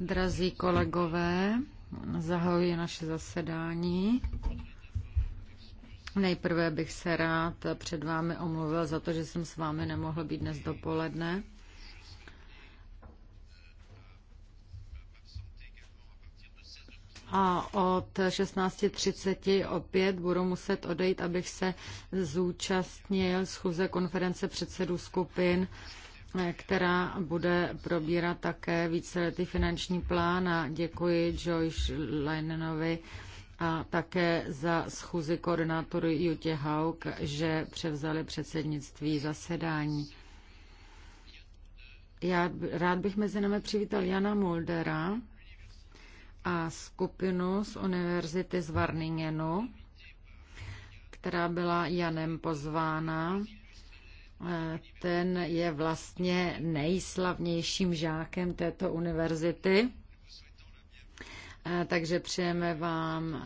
Drazí kolegové, zahajuji naše zasedání. Nejprve bych se rád před vámi omluvil za to, že jsem s vámi nemohl být dnes dopoledne. a od 16.30 opět budu muset odejít, abych se zúčastnil schůze konference předsedů skupin která bude probírat také víceletý finanční plán a děkuji Joyce Leinenovi a také za schůzi koordinátoru Jutě Hauk, že převzali předsednictví zasedání. Já rád bych mezi námi přivítal Jana Muldera a skupinu z univerzity z Varningenu, která byla Janem pozvána ten je vlastně nejslavnějším žákem této univerzity. Takže přejeme vám,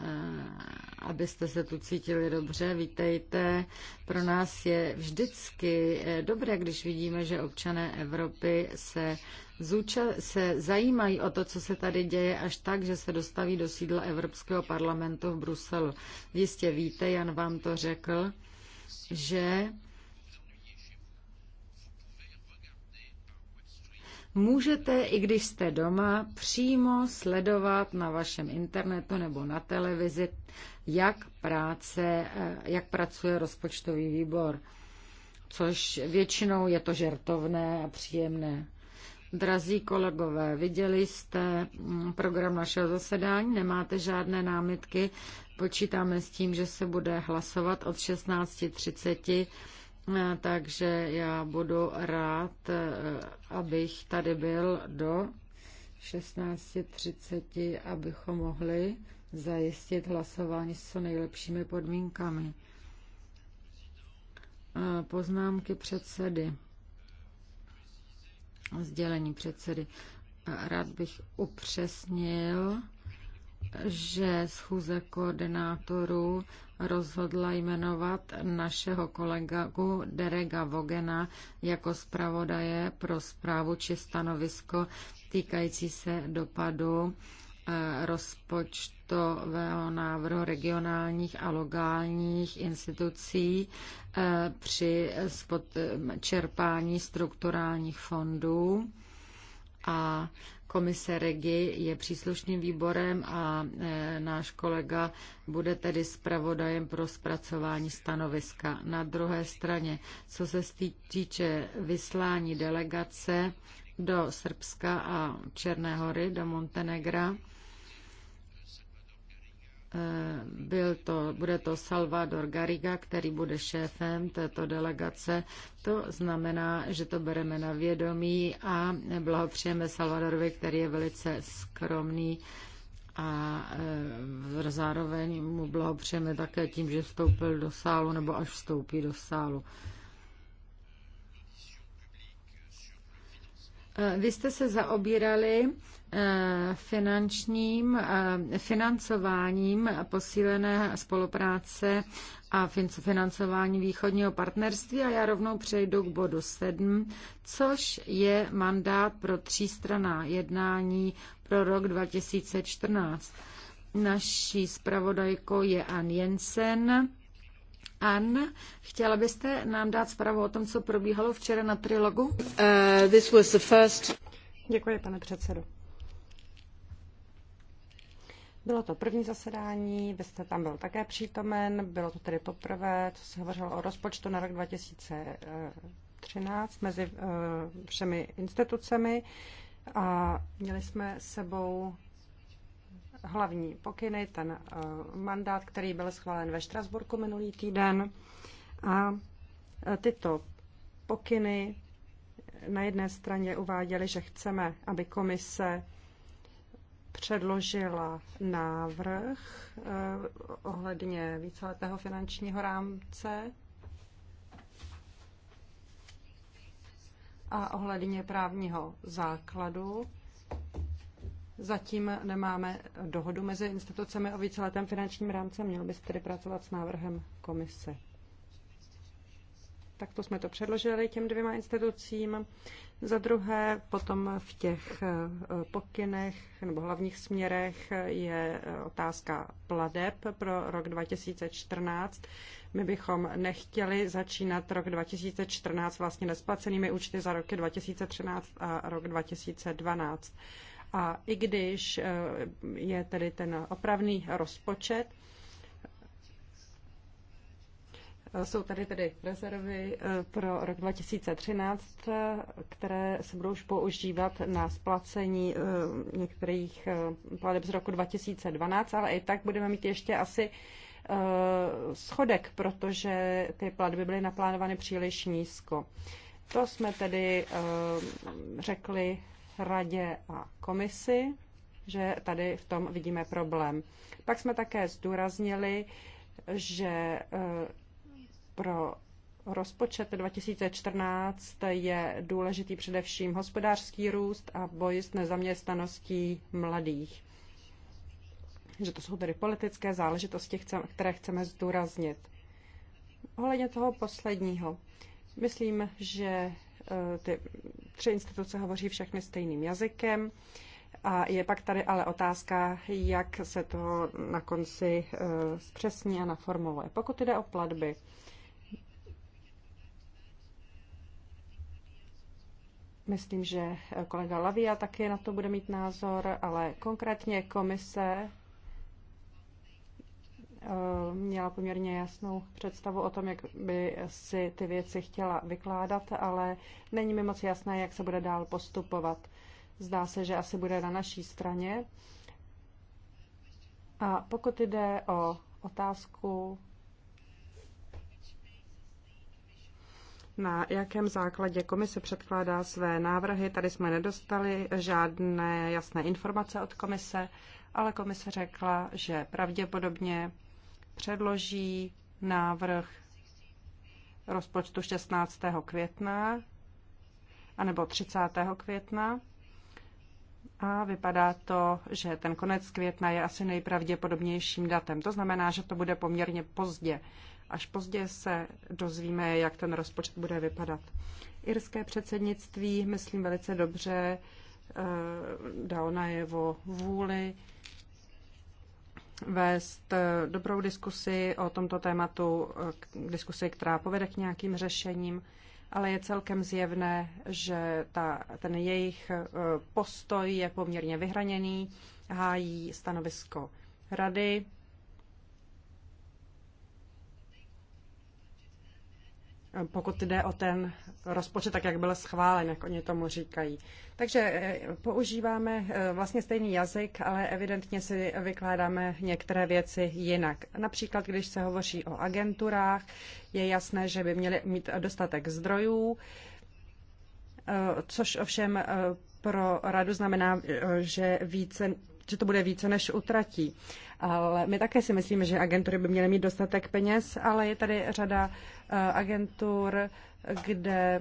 abyste se tu cítili dobře. Vítejte. Pro nás je vždycky e, dobré, když vidíme, že občané Evropy se, zúča- se zajímají o to, co se tady děje, až tak, že se dostaví do sídla Evropského parlamentu v Bruselu. Jistě víte, Jan vám to řekl, že můžete, i když jste doma, přímo sledovat na vašem internetu nebo na televizi, jak, práce, eh, jak pracuje rozpočtový výbor. Což většinou je to žertovné a příjemné. Drazí kolegové, viděli jste mm, program našeho zasedání, nemáte žádné námitky, počítáme s tím, že se bude hlasovat od 16.30 Eh, takže já budu rád, eh, abych tady byl do 16.30, abychom mohli zajistit hlasování s co nejlepšími podmínkami. Eh, poznámky předsedy. Sdělení předsedy. Rád bych upřesnil, že schůze koordinátorů rozhodla jmenovat našeho kolegu Derega Vogena jako zpravodaje pro zprávu či stanovisko týkající se dopadu eh, rozpočtového návrhu regionálních a lokálních institucí eh, při čerpání strukturálních fondů a komise Regi je příslušným výborem a e, náš kolega bude tedy zpravodajem pro zpracování stanoviska. Na druhé straně, co se týče vyslání delegace do Srbska a Černé hory, do Montenegra, Eh, byl to, bude to Salvador Garriga, který bude šéfem této delegace. To znamená, že to bereme na vědomí a blahopřejeme Salvadorovi, který je velice skromný a eh, zároveň mu blahopřejeme také tím, že vstoupil do sálu nebo až vstoupí do sálu. Eh, vy jste se zaobírali eh, finančním eh, financováním posílené spolupráce a financování východního partnerství a já rovnou přejdu k bodu 7, což je mandát pro třístraná jednání pro rok 2014. Naší zpravodajkou je Ann Jensen Ann, chtěla byste nám dát zprávu o tom, co probíhalo včera na trilogu? Uh, this was the first... Děkuji, pane předsedo. Bylo to první zasedání, vy jste tam byl také přítomen, bylo to tedy poprvé, co se hovořilo o rozpočtu na rok 2013 eh, mezi všemi eh, institucemi a měli jsme sebou hlavní pokyny, ten eh, mandát, který byl schválen ve Štrasburku minulý týden. A eh, tyto pokyny na jedné straně uváděly, že chceme, aby komise předložila návrh eh, ohledně víceletého finančního rámce a ohledně právního základu Zatím nemáme dohodu mezi institucemi o víceletém finančním rámci. Měl byste tedy pracovat s návrhem komise. Takto jsme to předložili těm dvěma institucím. Za druhé, potom v těch eh, pokynech nebo hlavních směrech je eh, otázka pladeb pro rok 2014. My bychom nechtěli začínat rok 2014 vlastně nesplacenými účty za roky 2013 a rok 2012. A i když eh, je tedy ten opravný rozpočet, eh, jsou tady tedy rezervy eh, pro rok 2013, které se budou už používat na splacení některých plateb z roku 2012, ale i tak budeme mít ještě asi schodek, protože ty platby byly naplánovány příliš nízko. To jsme tedy řekli radě a komisi, že tady v tom vidíme problém. Pak jsme také zdůraznili, že eh, pro rozpočet 2014 je důležitý především hospodářský růst a boj s nezaměstnaností mladých. Že to jsou tedy politické záležitosti, které chceme zdůraznit. Ohledně toho posledního. Myslím, že Eh, ty tři instituce hovoří všechny stejným jazykem. A je pak tady ale otázka, jak se to na konci eh, zpřesní a naformuluje. Pokud jde o platby, myslím, že kolega Lavia taky na to bude mít názor, ale konkrétně komise Eh, měla poměrně jasnou představu o tom, jak by si ty věci chtěla vykládat, ale není mi moc jasné, jak se bude dál postupovat. Zdá se, že asi bude na naší straně. A pokud jde o otázku, na jakém základě komise předkládá své návrhy, tady jsme nedostali žádné jasné informace od komise, ale komise řekla, že pravděpodobně předloží návrh rozpočtu 16. května anebo 30. května. A vypadá to, že ten konec května je asi nejpravděpodobnějším datem. To znamená, že to bude poměrně pozdě. Až pozdě se dozvíme, jak ten rozpočet bude vypadat. Irské předsednictví, myslím, velice dobře eh, dal najevo vůli vést eh, dobrou diskusi o tomto tématu, eh, diskusi, která povede k nějakým řešením, ale je celkem zjevné, že ta, ten jejich eh, postoj je poměrně vyhraněný, hájí stanovisko rady pokud jde o ten rozpočet, tak jak byl schválen, jak oni tomu říkají. Takže eh, používáme eh, vlastně stejný jazyk, ale evidentně si vykládáme některé věci jinak. Například, když se hovoří o agenturách, je jasné, že by měli mít dostatek zdrojů, eh, což ovšem pro radu znamená, že více že to bude více, než utratí. Ale my také si myslíme, že agentury by měly mít dostatek peněz, ale je tady řada Eh, agentur, kde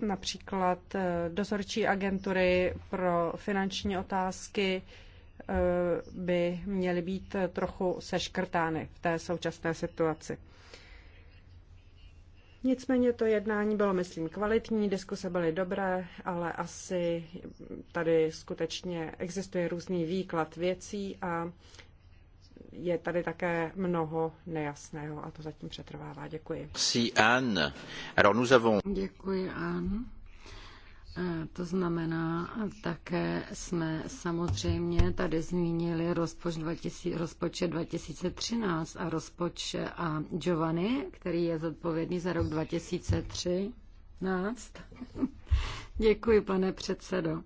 například eh, dozorčí agentury pro finanční otázky eh, by měly být trochu seškrtány v té současné situaci. Nicméně to jednání bylo, myslím, kvalitní, diskuse byly dobré, ale asi tady skutečně existuje různý výklad věcí a je tady také mnoho nejasného a to zatím přetrvává. Děkuji. Si Anne. Alors nous avons... Děkuji, Anne. Eh, to znamená, také jsme samozřejmě tady zmínili rozpočet, 2000, rozpočet 2013 a rozpočet a Giovanni, který je zodpovědný za rok 2013. Děkuji, pane předsedo.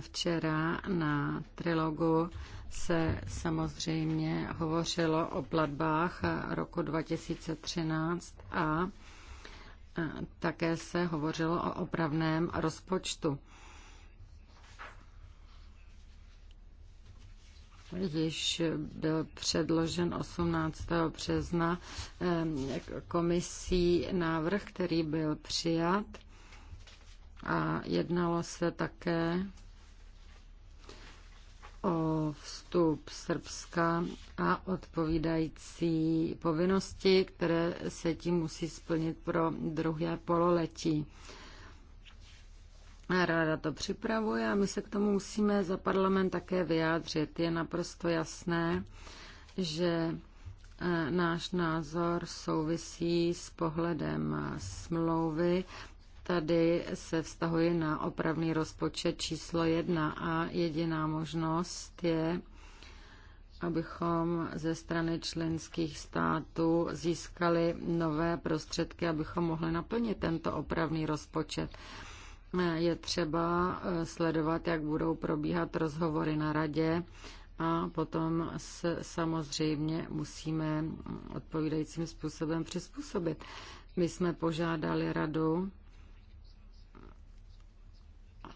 Včera na trilogu se samozřejmě hovořilo o platbách roku 2013 a také se hovořilo o opravném rozpočtu. již byl předložen 18. března komisí návrh, který byl přijat a jednalo se také o vstup Srbska a odpovídající povinnosti, které se tím musí splnit pro druhé pololetí. Ráda to připravuje a my se k tomu musíme za parlament také vyjádřit. Je naprosto jasné, že e, náš názor souvisí s pohledem smlouvy tady se vztahuje na opravný rozpočet číslo jedna a jediná možnost je, abychom ze strany členských států získali nové prostředky, abychom mohli naplnit tento opravný rozpočet. Je třeba eh, sledovat, jak budou probíhat rozhovory na radě a potom se samozřejmě musíme odpovídajícím způsobem přizpůsobit. My jsme požádali radu,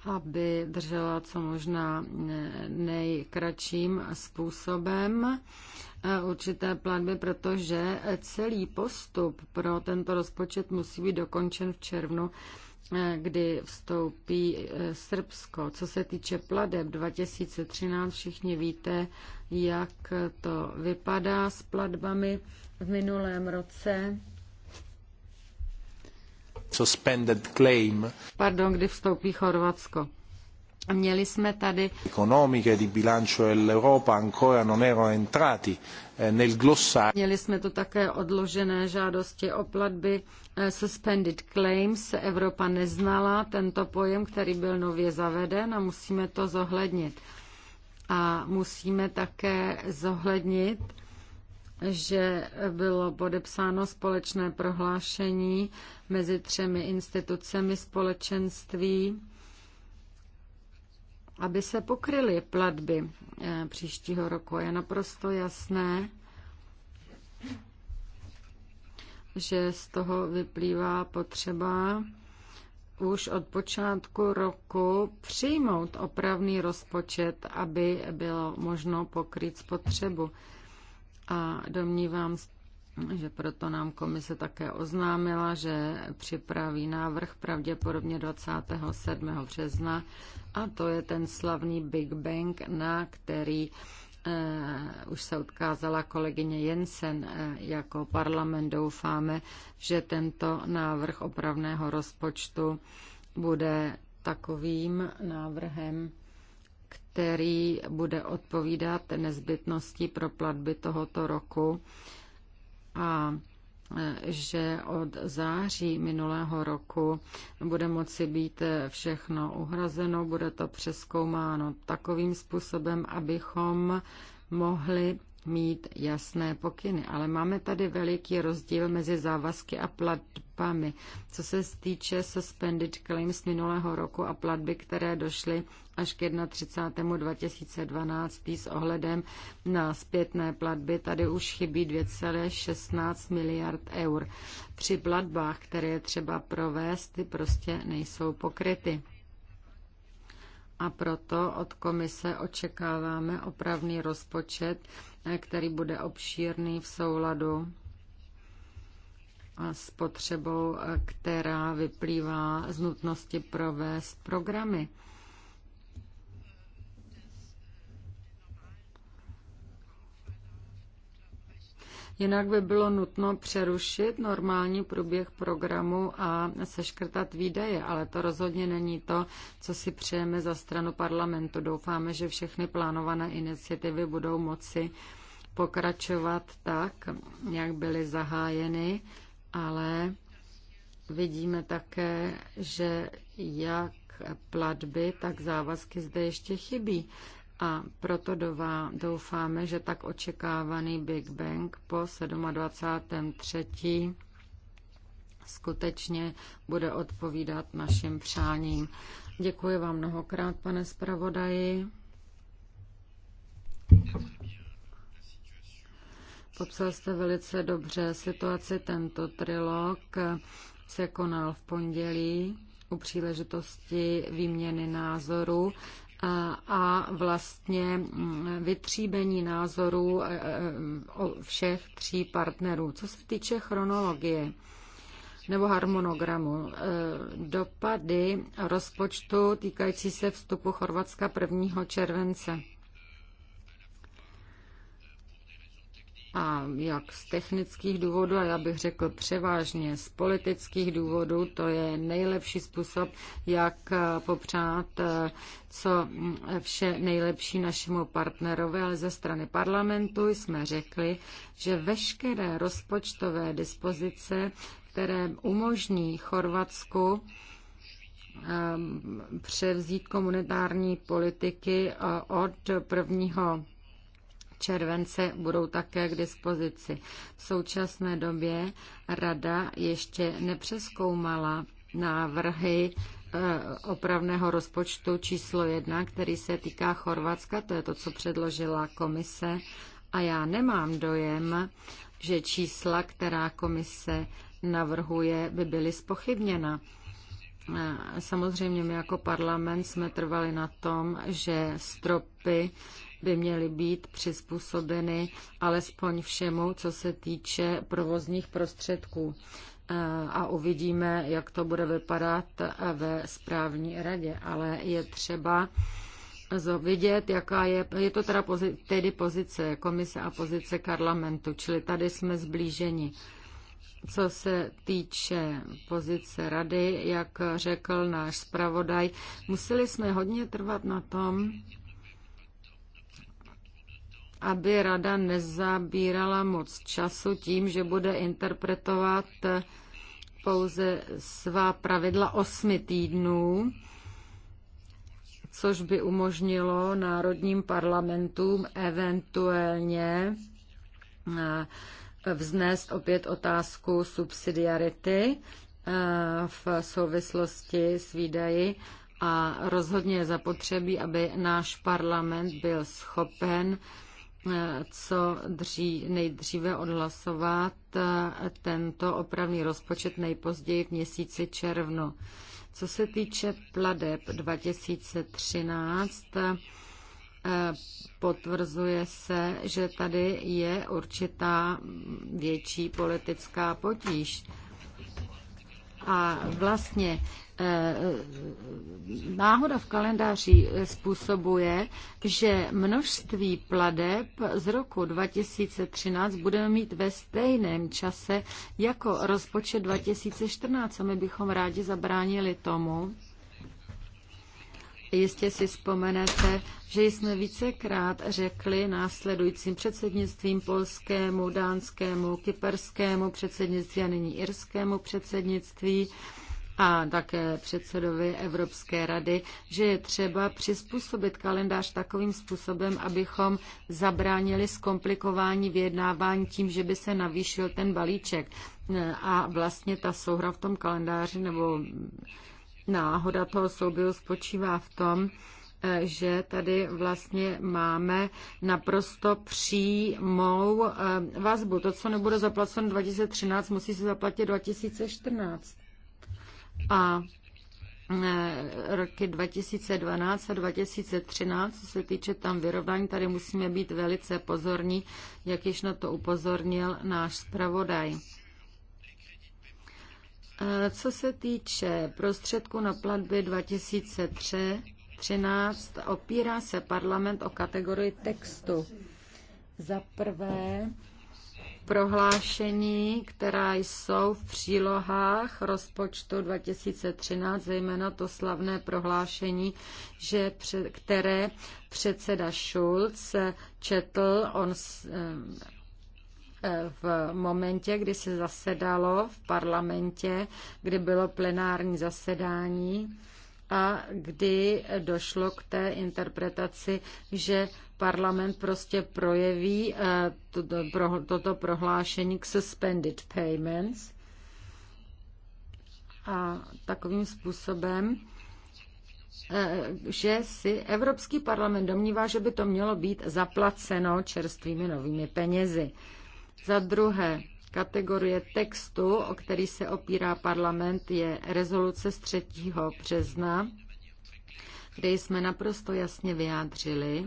aby držela co možná nejkratším způsobem eh, určité platby, protože celý postup pro tento rozpočet musí být dokončen v červnu, eh, kdy vstoupí eh, Srbsko. Co se týče pladeb 2013, všichni víte, jak to vypadá s platbami v minulém roce suspended claim. Pardon, kdy vstoupí Chorvatsko. Měli jsme tady economiche di bilancio dell'Europa ancora non erano entrati eh, nel Měli jsme tu také odložené žádosti o platby eh, suspended claims. Evropa neznala tento pojem, který byl nově zaveden a musíme to zohlednit. A musíme také zohlednit že bylo podepsáno společné prohlášení mezi třemi institucemi společenství, aby se pokryly platby eh, příštího roku. Je naprosto jasné, že z toho vyplývá potřeba už od počátku roku přijmout opravný rozpočet, aby bylo možno pokryt spotřebu. A domnívám se, že proto nám komise také oznámila, že připraví návrh pravděpodobně 27. března a to je ten slavný Big Bang, na který eh, už se odkázala kolegyně Jensen eh, jako parlament. Doufáme, že tento návrh opravného rozpočtu bude takovým návrhem, který bude odpovídat nezbytnosti pro platby tohoto roku a e, že od září minulého roku bude moci být e, všechno uhrazeno, bude to přeskoumáno takovým způsobem, abychom mohli mít jasné pokyny, ale máme tady veliký rozdíl mezi závazky a platbami. Co se týče suspended claims minulého roku a platby, které došly až k 31. 2012 s ohledem na zpětné platby, tady už chybí 2,16 miliard eur. Při platbách, které je třeba provést, ty prostě nejsou pokryty a proto od komise očekáváme opravný rozpočet, eh, který bude obšírný v souladu a eh, s potřebou, eh, která vyplývá z nutnosti provést programy. Jinak by bylo nutno přerušit normální průběh programu a seškrtat výdaje, ale to rozhodně není to, co si přejeme za stranu parlamentu. Doufáme, že všechny plánované iniciativy budou moci pokračovat tak, jak byly zahájeny, ale vidíme také, že jak platby, tak závazky zde ještě chybí a proto doufáme, že tak očekávaný Big Bang po 27.3. skutečně bude odpovídat našim přáním. Děkuji vám mnohokrát, pane zpravodaji. Popsal jste velice dobře situaci. Tento trilog se konal v pondělí u příležitosti výměny názorů a vlastně mm, vytříbení názorů e, e, o všech tří partnerů. Co se týče chronologie nebo harmonogramu, e, dopady rozpočtu týkající se vstupu Chorvatska 1. července. a jak z technických důvodů, a já bych řekl převážně z politických důvodů, to je nejlepší způsob, jak eh, popřát eh, co mm, vše nejlepší našemu partnerovi, ale ze strany parlamentu jsme řekli, že veškeré rozpočtové dispozice, které umožní Chorvatsku ehm, převzít komunitární politiky eh, od 1 července budou také k dispozici. V současné době rada ještě nepřeskoumala návrhy eh, opravného rozpočtu číslo jedna, který se týká Chorvatska, to je to, co předložila komise. A já nemám dojem, že čísla, která komise navrhuje, by byly spochybněna. Eh, samozřejmě my jako parlament jsme trvali na tom, že stropy by měly být přizpůsobeny alespoň všemu, co se týče provozních prostředků. Eh, a uvidíme, jak to bude vypadat ve správní radě. Ale je třeba vidět, jaká je, je to teda pozice, tedy pozice komise a pozice parlamentu, čili tady jsme zblíženi. Co se týče pozice rady, jak řekl náš zpravodaj, museli jsme hodně trvat na tom, aby rada nezabírala moc času tím, že bude interpretovat pouze svá pravidla osmi týdnů, což by umožnilo národním parlamentům eventuálně eh, vznést opět otázku subsidiarity eh, v souvislosti s výdaji a rozhodně je zapotřebí, aby náš parlament byl schopen Eh, co dří, nejdříve odhlasovat eh, tento opravný rozpočet nejpozději v měsíci červnu. Co se týče pladeb 2013, eh, potvrzuje se, že tady je určitá větší politická potíž. A vlastně Eh, náhoda v kalendáři eh, způsobuje, že množství pladeb z roku 2013 budeme mít ve stejném čase jako rozpočet 2014. A my bychom rádi zabránili tomu, Jistě si vzpomenete, že jsme vícekrát řekli následujícím předsednictvím polskému, dánskému, kyperskému předsednictví a nyní irskému předsednictví, a také předsedovi Evropské rady, že je třeba přizpůsobit kalendář takovým způsobem, abychom zabránili zkomplikování vyjednávání tím, že by se navýšil ten balíček. A vlastně ta souhra v tom kalendáři nebo náhoda toho souběhu spočívá v tom, že tady vlastně máme naprosto přímou eh, vazbu. To, co nebude zaplaceno 2013, musí se zaplatit 2014 a e, roky 2012 a 2013, co se týče tam vyrovnání, tady musíme být velice pozorní, jak již na to upozornil náš zpravodaj. E, co se týče prostředku na platby 2013, opírá se parlament o kategorii textu. Za prvé, prohlášení, která jsou v přílohách rozpočtu 2013, zejména to slavné prohlášení, že které předseda Schulz četl on eh, v momentě, kdy se zasedalo v parlamentě, kdy bylo plenární zasedání a kdy došlo k té interpretaci, že parlament prostě projeví eh, toto, pro, toto prohlášení k suspended payments a takovým způsobem, eh, že si Evropský parlament domnívá, že by to mělo být zaplaceno čerstvými novými penězi. Za druhé, Kategorie textu, o který se opírá parlament, je rezoluce z 3. března, kde jsme naprosto jasně vyjádřili,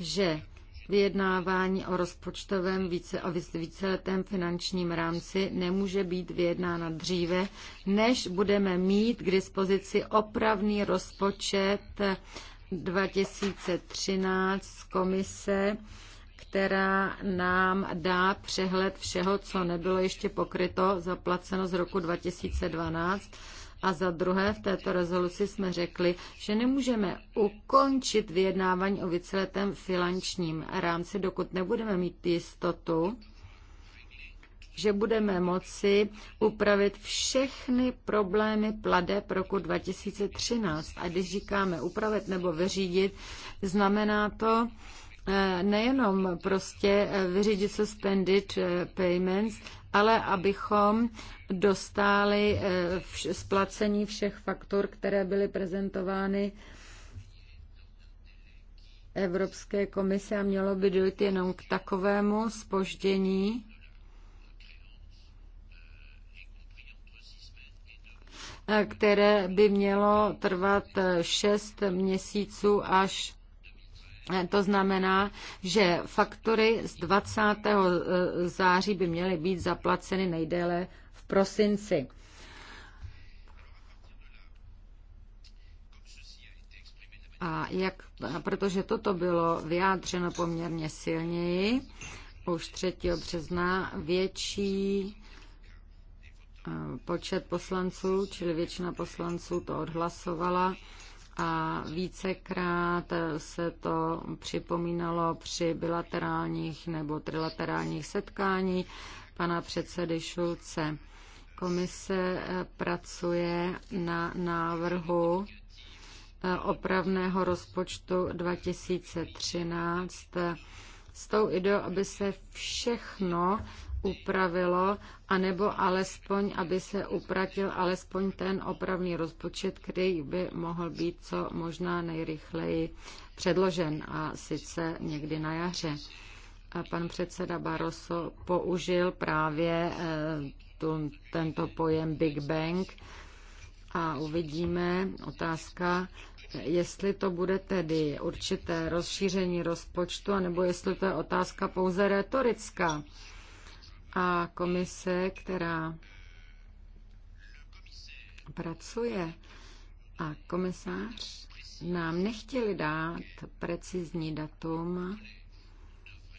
že vyjednávání o rozpočtovém více, o víceletém finančním rámci nemůže být vyjednána dříve, než budeme mít k dispozici opravný rozpočet 2013 z komise která nám dá přehled všeho, co nebylo ještě pokryto, zaplaceno z roku 2012. A za druhé, v této rezoluci jsme řekli, že nemůžeme ukončit vyjednávání o víceletém finančním rámci, dokud nebudeme mít jistotu, že budeme moci upravit všechny problémy pro roku 2013. A když říkáme upravit nebo vyřídit, znamená to, Eh, nejenom prostě eh, vyřídit spendit eh, payments, ale abychom dostali splacení všech faktur, které byly prezentovány Evropské komise a mělo by dojít jenom k takovému spoždění, které by mělo trvat 6 měsíců až to znamená, že faktory z 20. Eh, září by měly být zaplaceny nejdéle v prosinci. A jak, protože toto bylo vyjádřeno poměrně silněji, už 3. března větší eh, počet poslanců, čili většina poslanců to odhlasovala, a vícekrát se to připomínalo při bilaterálních nebo trilaterálních setkání pana předsedy Šulce. Komise eh, pracuje na návrhu eh, opravného rozpočtu 2013 s tou ideou, aby se všechno upravilo, anebo alespoň, aby se upratil alespoň ten opravný rozpočet, který by mohl být co možná nejrychleji předložen a sice někdy na jaře. A pan předseda Barroso použil právě eh, tu, tento pojem Big Bang a uvidíme otázka, jestli to bude tedy určité rozšíření rozpočtu, anebo jestli to je otázka pouze retorická a komise, která pracuje a komisář nám nechtěli dát precizní datum,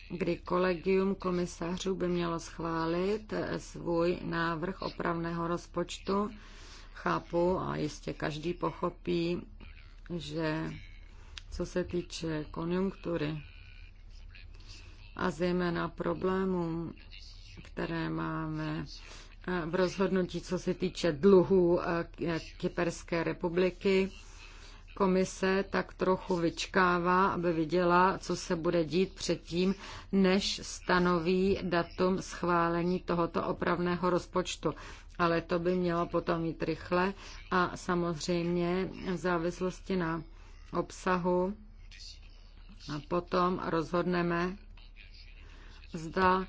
kdy kolegium komisařů by mělo schválit svůj návrh opravného rozpočtu. Chápu a jistě každý pochopí, že co se týče konjunktury a zejména problémů, které máme eh, v rozhodnutí, co se týče dluhů eh, eh, Kyperské republiky. Komise tak trochu vyčkává, aby viděla, co se bude dít předtím, než stanoví datum schválení tohoto opravného rozpočtu ale to by mělo potom jít rychle a samozřejmě v závislosti na obsahu a potom rozhodneme, zda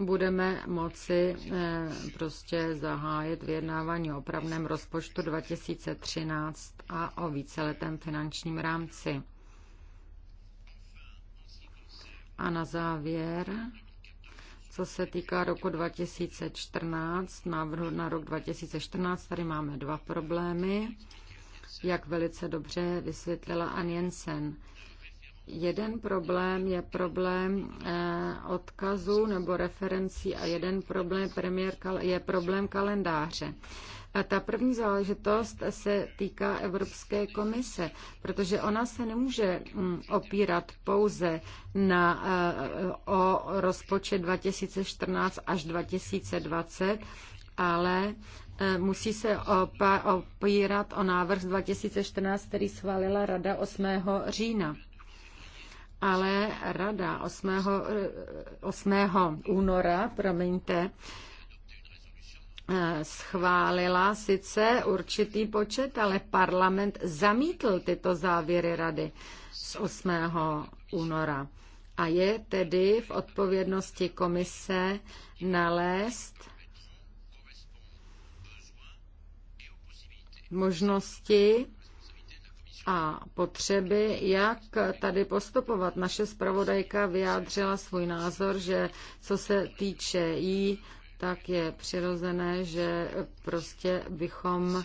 budeme moci eh, prostě zahájit vyjednávání o opravném rozpočtu 2013 a o víceletém finančním rámci. A na závěr, co se týká roku 2014, návrhu na rok 2014, tady máme dva problémy, jak velice dobře vysvětlila Ann Jensen. Jeden problém je problém eh, odkazu nebo referencí a jeden problém premiér je problém kalendáře. A ta první záležitost se týká Evropské komise, protože ona se nemůže mm, opírat pouze na, eh, o rozpočet 2014 až 2020, ale eh, musí se opírat o návrh z 2014, který schválila Rada 8. října ale rada 8. 8. února, promiňte, schválila sice určitý počet, ale parlament zamítl tyto závěry rady z 8. února. A je tedy v odpovědnosti komise nalézt možnosti a potřeby, jak tady postupovat. Naše zpravodajka vyjádřila svůj názor, že co se týče jí, tak je přirozené, že prostě bychom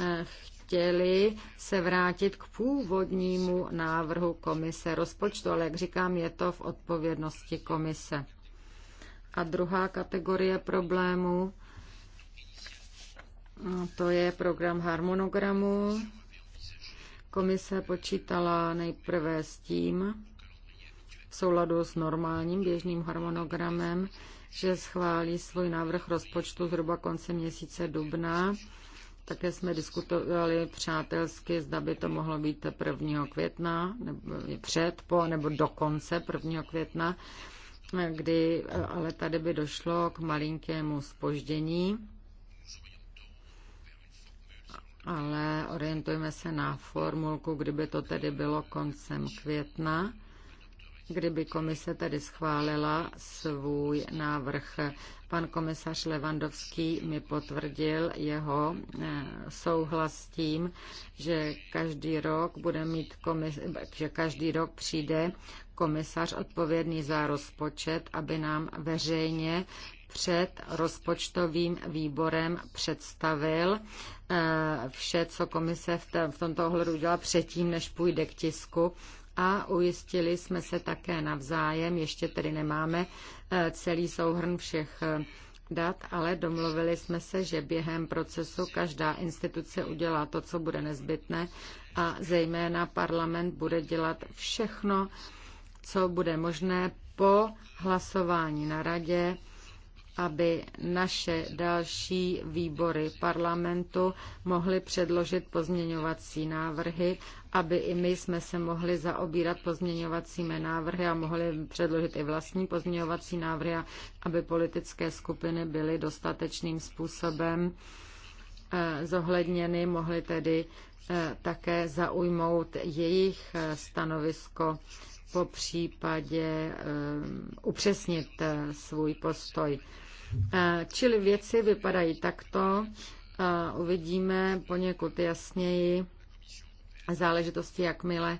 eh, chtěli se vrátit k původnímu návrhu komise rozpočtu, ale jak říkám, je to v odpovědnosti komise. A druhá kategorie problémů, eh, to je program harmonogramu Komise počítala nejprve s tím, v souladu s normálním běžným harmonogramem, že schválí svůj návrh rozpočtu zhruba konce měsíce dubna. Také jsme diskutovali přátelsky, zda by to mohlo být 1. května, nebo před, po, nebo do konce 1. května, kdy ale tady by došlo k malinkému spoždění ale orientujeme se na formulku, kdyby to tedy bylo koncem května, kdyby komise tedy schválila svůj návrh. Pan komisař Levandovský mi potvrdil jeho eh, souhlas s tím, že každý rok bude mít komis, že každý rok přijde komisař odpovědný za rozpočet, aby nám veřejně před rozpočtovým výborem představil eh, vše, co komise v tomto ohledu udělala předtím, než půjde k tisku a ujistili jsme se také navzájem, ještě tedy nemáme eh, celý souhrn všech eh, dat, ale domluvili jsme se, že během procesu každá instituce udělá to, co bude nezbytné a zejména parlament bude dělat všechno, co bude možné po hlasování na radě aby naše další výbory parlamentu mohly předložit pozměňovací návrhy, aby i my jsme se mohli zaobírat pozměňovacími návrhy a mohli předložit i vlastní pozměňovací návrhy, aby politické skupiny byly dostatečným způsobem eh, zohledněny, mohly tedy eh, také zaujmout jejich eh, stanovisko, po případě upřesnit svůj postoj. Eh, čili věci vypadají takto. Eh, uvidíme poněkud jasněji záležitosti, jakmile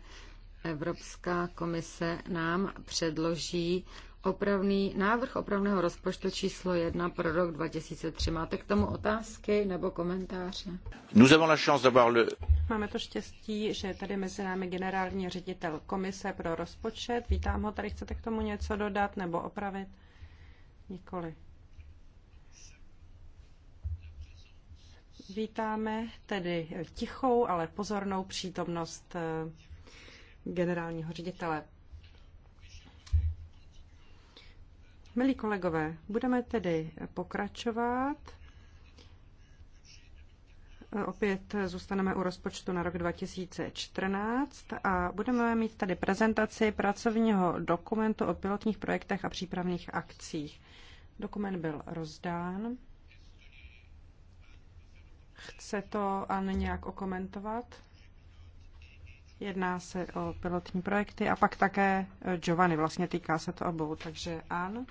Evropská komise nám předloží opravný, návrh opravného rozpočtu číslo 1 pro rok 2003. Máte k tomu otázky nebo komentáře? Nous avons la chance le... Máme to štěstí, že je tady mezi námi generální ředitel komise pro rozpočet. Vítám ho, tady chcete k tomu něco dodat nebo opravit? Nikoli. Vítáme tedy tichou, ale pozornou přítomnost eh, generálního ředitele. Milí kolegové, budeme tedy pokračovat. Eh, opět zůstaneme u rozpočtu na rok 2014 a budeme mít tady prezentaci pracovního dokumentu o pilotních projektech a přípravných akcích. Dokument byl rozdán. Chce to Anne eh, nějak okomentovat? Jedná se o pilotní projekty a pak také eh, Giovanni, vlastně týká se to obou, takže An.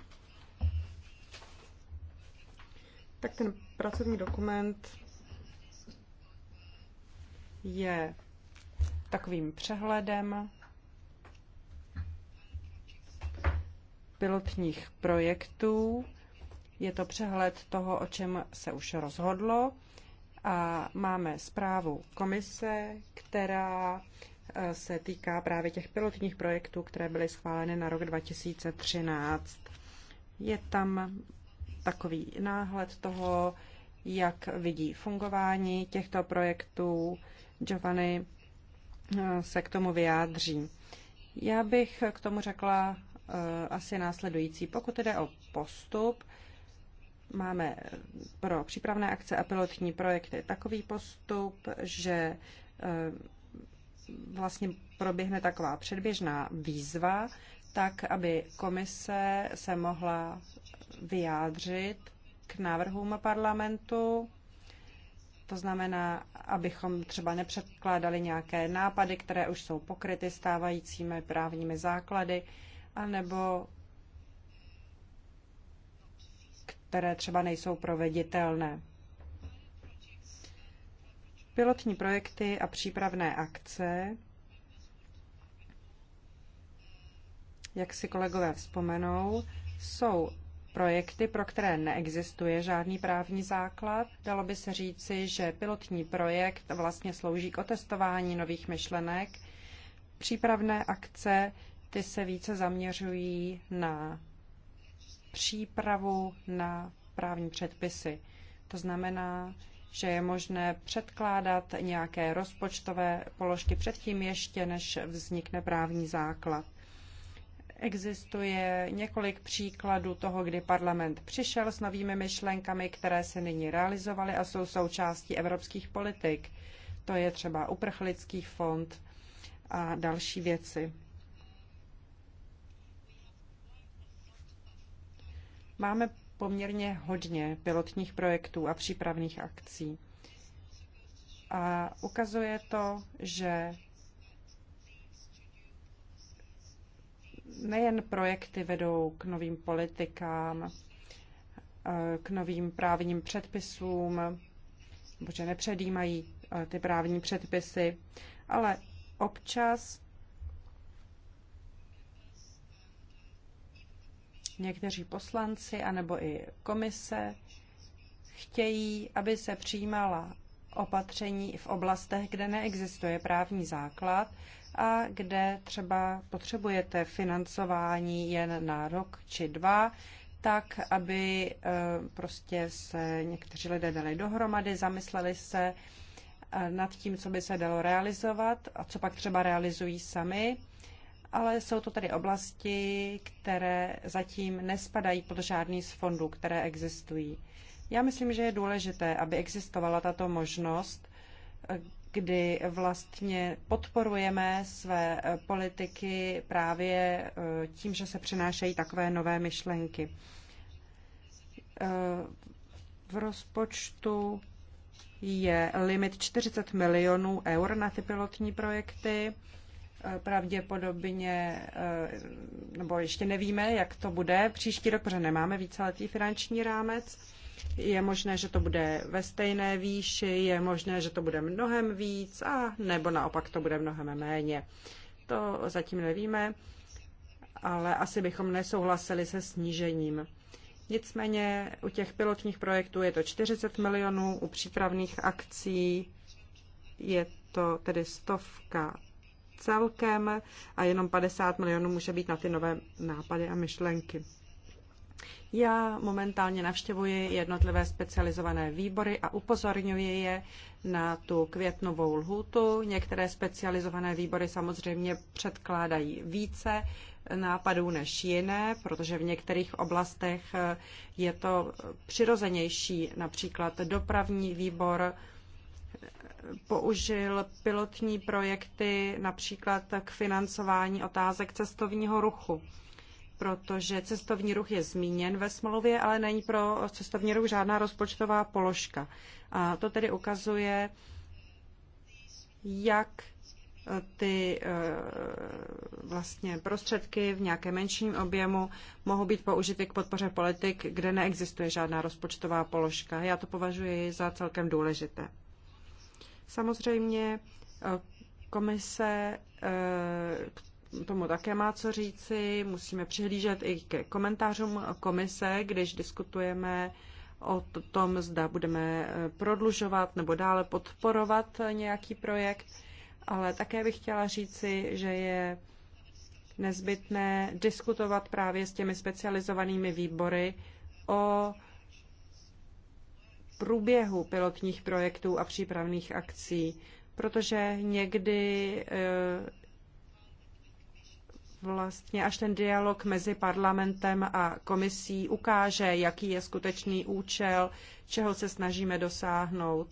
Tak ten pracovní dokument je takovým přehledem pilotních projektů. Je to přehled toho, o čem se už rozhodlo a máme zprávu komise, která eh, se týká právě těch pilotních projektů, které byly schváleny na rok 2013. Je tam takový náhled toho, jak vidí fungování těchto projektů. Giovanni eh, se k tomu vyjádří. Já bych k tomu řekla eh, asi následující. Pokud jde o postup, máme pro přípravné akce a pilotní projekty takový postup, že eh, vlastně proběhne taková předběžná výzva, tak aby komise se mohla vyjádřit k návrhům parlamentu. To znamená, abychom třeba nepředkládali nějaké nápady, které už jsou pokryty stávajícími právními základy, anebo které třeba nejsou proveditelné. Pilotní projekty a přípravné akce, jak si kolegové vzpomenou, jsou projekty, pro které neexistuje žádný právní základ. Dalo by se říci, že pilotní projekt vlastně slouží k otestování nových myšlenek. Přípravné akce ty se více zaměřují na přípravu na právní předpisy. To znamená, že je možné předkládat nějaké rozpočtové položky předtím ještě, než vznikne právní základ. Existuje několik příkladů toho, kdy parlament přišel s novými myšlenkami, které se nyní realizovaly a jsou součástí evropských politik. To je třeba uprchlický fond a další věci. Máme poměrně hodně pilotních projektů a přípravných akcí. A ukazuje to, že nejen projekty vedou k novým politikám, k novým právním předpisům, nebo že nepředjímají eh, ty právní předpisy, ale občas Někteří poslanci anebo i komise chtějí, aby se přijímala opatření v oblastech, kde neexistuje právní základ a kde třeba potřebujete financování jen na rok či dva, tak, aby eh, prostě se někteří lidé dali dohromady, zamysleli se eh, nad tím, co by se dalo realizovat a co pak třeba realizují sami ale jsou to tedy oblasti, které zatím nespadají pod žádný z fondů, které existují. Já myslím, že je důležité, aby existovala tato možnost, kdy vlastně podporujeme své politiky právě eh, tím, že se přinášejí takové nové myšlenky. Eh, v rozpočtu je limit 40 milionů eur na ty pilotní projekty pravděpodobně, eh, nebo ještě nevíme, jak to bude příští rok, protože nemáme víceletý finanční rámec. Je možné, že to bude ve stejné výši, je možné, že to bude mnohem víc a nebo naopak to bude mnohem méně. To zatím nevíme, ale asi bychom nesouhlasili se snížením. Nicméně u těch pilotních projektů je to 40 milionů, u přípravných akcí je to tedy stovka celkem a jenom 50 milionů může být na ty nové nápady a myšlenky. Já momentálně navštěvuji jednotlivé specializované výbory a upozorňuji je na tu květnovou lhůtu. Některé specializované výbory samozřejmě předkládají více nápadů než jiné, protože v některých oblastech je to přirozenější, například dopravní výbor, použil pilotní projekty například k financování otázek cestovního ruchu protože cestovní ruch je zmíněn ve smlouvě, ale není pro cestovní ruch žádná rozpočtová položka. A to tedy ukazuje, jak ty eh, vlastně prostředky v nějakém menším objemu mohou být použity k podpoře politik, kde neexistuje žádná rozpočtová položka. Já to považuji za celkem důležité. Samozřejmě eh, komise eh, k tomu také má co říci. Musíme přihlížet i ke komentářům komise, když diskutujeme o tom, zda budeme eh, prodlužovat nebo dále podporovat nějaký projekt. Ale také bych chtěla říci, že je nezbytné diskutovat právě s těmi specializovanými výbory o průběhu pilotních projektů a přípravných akcí, protože někdy e, vlastně až ten dialog mezi parlamentem a komisí ukáže, jaký je skutečný účel, čeho se snažíme dosáhnout.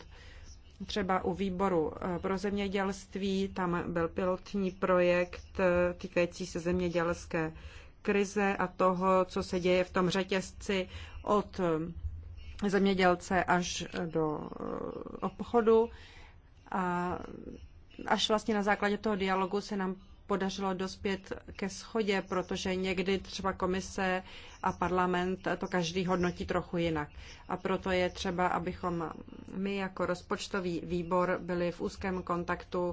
Třeba u výboru e, pro zemědělství, tam byl pilotní projekt e, týkající se zemědělské krize a toho, co se děje v tom řetězci od zemědělce až do eh, obchodu a až vlastně na základě toho dialogu se nám podařilo dospět ke schodě, protože někdy třeba komise a parlament to každý hodnotí trochu jinak. A proto je třeba, abychom my jako rozpočtový výbor byli v úzkém kontaktu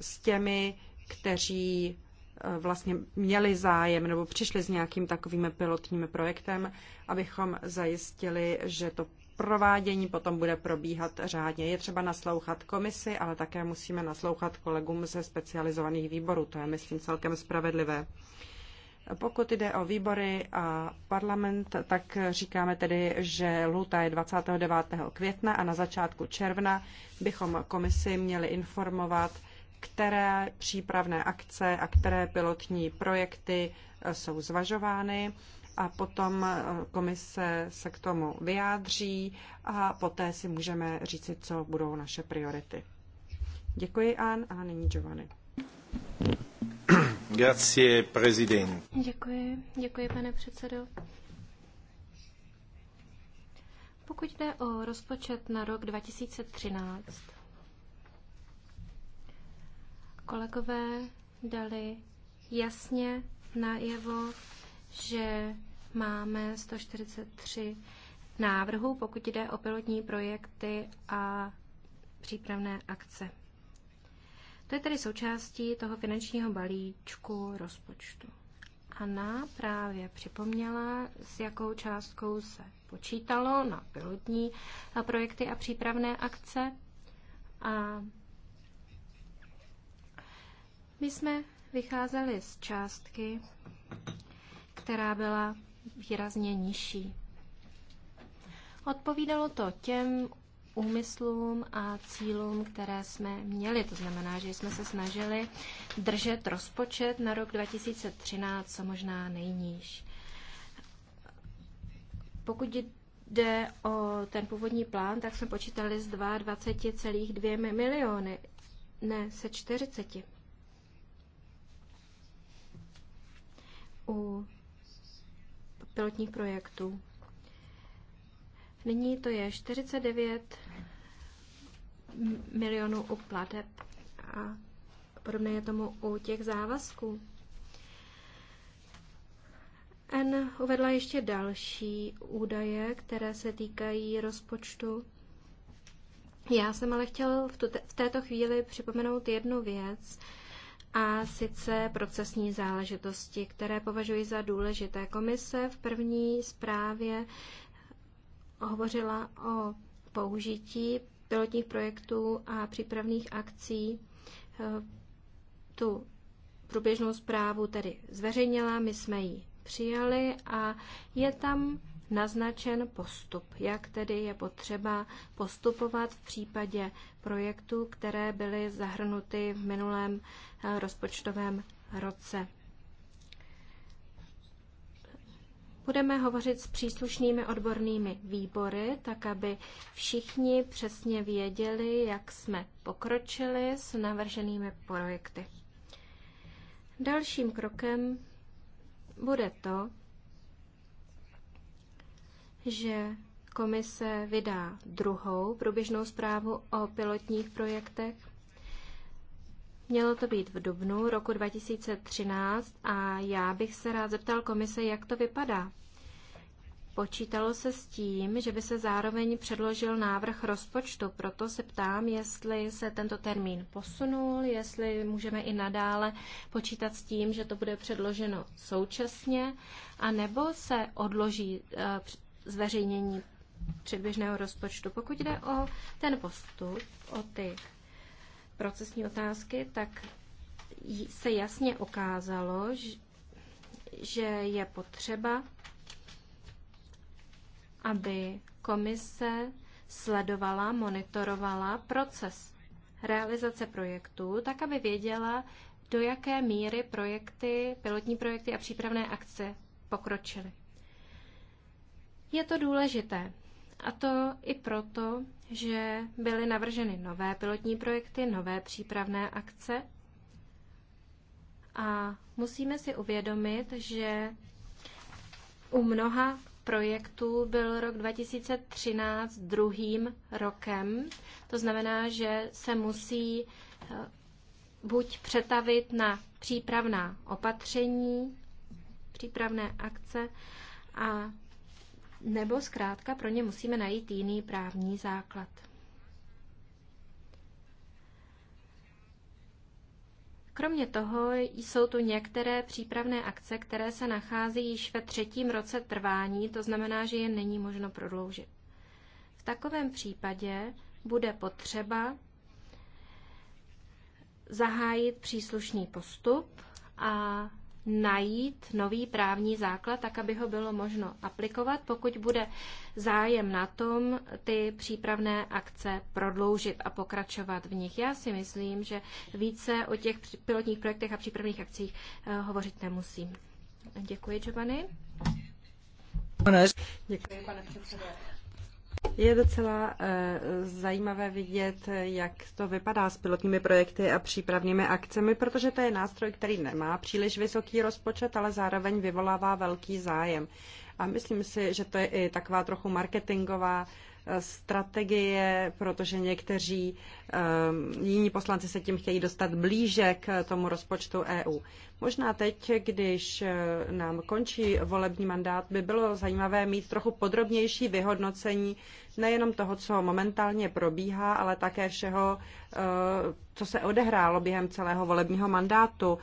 s těmi, kteří Eh, vlastně měli zájem nebo přišli s nějakým takovým pilotním projektem, abychom zajistili, že to provádění potom bude probíhat řádně. Je třeba naslouchat komisi, ale také musíme naslouchat kolegům ze specializovaných výborů. To je, myslím, celkem spravedlivé. Pokud jde o výbory a parlament, tak říkáme tedy, že lhuta je 29. května a na začátku června bychom komisi měli informovat které přípravné akce a které pilotní projekty eh, jsou zvažovány a potom eh, komise se k tomu vyjádří a poté si můžeme říci, co budou naše priority. Děkuji, An, a nyní Giovanni. Grazie, prezident. Děkuji, děkuji, pane předsedo. Pokud jde o rozpočet na rok 2013, Kolegové dali jasně najevo, že máme 143 návrhů, pokud jde o pilotní projekty a přípravné akce. To je tedy součástí toho finančního balíčku rozpočtu. Anna právě připomněla, s jakou částkou se počítalo na pilotní projekty a přípravné akce. A my jsme vycházeli z částky, která byla výrazně nižší. Odpovídalo to těm úmyslům a cílům, které jsme měli. To znamená, že jsme se snažili držet rozpočet na rok 2013 co možná nejníž. Pokud jde o ten původní plán, tak jsme počítali z 22,2 miliony, ne se 40. u pilotních projektů. Nyní to je 49 milionů u plateb a podobné je tomu u těch závazků. N uvedla ještě další údaje, které se týkají rozpočtu. Já jsem ale chtěl v, v této chvíli připomenout jednu věc, a sice procesní záležitosti, které považuji za důležité. Komise v první zprávě hovořila o použití pilotních projektů a přípravných akcí. Tu průběžnou zprávu tedy zveřejnila, my jsme ji přijali a je tam naznačen postup, jak tedy je potřeba postupovat v případě projektů, které byly zahrnuty v minulém eh, rozpočtovém roce. Budeme hovořit s příslušnými odbornými výbory, tak aby všichni přesně věděli, jak jsme pokročili s navrženými projekty. Dalším krokem bude to, že komise vydá druhou průběžnou zprávu o pilotních projektech. Mělo to být v dubnu roku 2013 a já bych se rád zeptal komise, jak to vypadá. Počítalo se s tím, že by se zároveň předložil návrh rozpočtu, proto se ptám, jestli se tento termín posunul, jestli můžeme i nadále počítat s tím, že to bude předloženo současně, anebo se odloží eh, zveřejnění předběžného rozpočtu. Pokud jde o ten postup, o ty procesní otázky, tak se jasně ukázalo, že je potřeba, aby komise sledovala, monitorovala proces realizace projektů, tak aby věděla, do jaké míry projekty, pilotní projekty a přípravné akce pokročily. Je to důležité. A to i proto, že byly navrženy nové pilotní projekty, nové přípravné akce. A musíme si uvědomit, že u mnoha projektů byl rok 2013 druhým rokem. To znamená, že se musí eh, buď přetavit na přípravná opatření, přípravné akce a nebo zkrátka pro ně musíme najít jiný právní základ. Kromě toho jsou tu některé přípravné akce, které se nachází již ve třetím roce trvání, to znamená, že je není možno prodloužit. V takovém případě bude potřeba zahájit příslušný postup a najít nový právní základ, tak aby ho bylo možno aplikovat, pokud bude zájem na tom ty přípravné akce prodloužit a pokračovat v nich. Já si myslím, že více o těch pilotních projektech a přípravných akcích eh, hovořit nemusím. Děkuji, Giovanni. Děkuji, pane předsedo. Je docela eh, zajímavé vidět, jak to vypadá s pilotními projekty a přípravnými akcemi, protože to je nástroj, který nemá příliš vysoký rozpočet, ale zároveň vyvolává velký zájem. A myslím si, že to je i taková trochu marketingová strategie, protože někteří eh, jiní poslanci se tím chtějí dostat blíže k tomu rozpočtu EU. Možná teď, když eh, nám končí volební mandát, by bylo zajímavé mít trochu podrobnější vyhodnocení nejenom toho, co momentálně probíhá, ale také všeho, eh, co se odehrálo během celého volebního mandátu.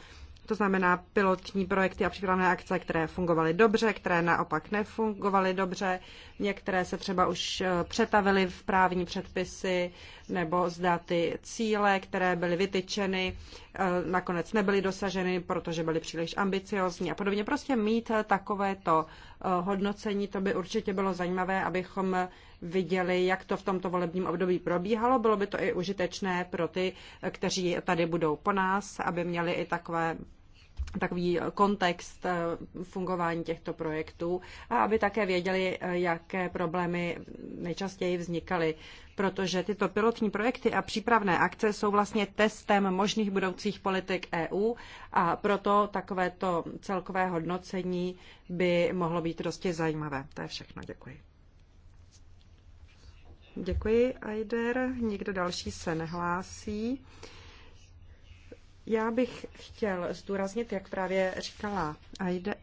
To znamená pilotní projekty a přípravné akce, které fungovaly dobře, které naopak nefungovaly dobře. Některé se třeba už eh, přetavily v právní předpisy, nebo zda ty cíle, které byly vytyčeny, eh, nakonec nebyly dosaženy, protože byly příliš ambiciozní a podobně. Prostě mít eh, takovéto hodnocení, to by určitě bylo zajímavé, abychom viděli, jak to v tomto volebním období probíhalo. Bylo by to i užitečné pro ty, kteří tady budou po nás, aby měli i takové takový eh, kontext eh, fungování těchto projektů a aby také věděli, eh, jaké problémy nejčastěji vznikaly, protože tyto pilotní projekty a přípravné akce jsou vlastně testem možných budoucích politik EU a proto takovéto celkové hodnocení by mohlo být dosti zajímavé. To je všechno, děkuji. Děkuji, Aider. Nikdo další se nehlásí. Já bych chtěl zdůraznit, jak právě říkala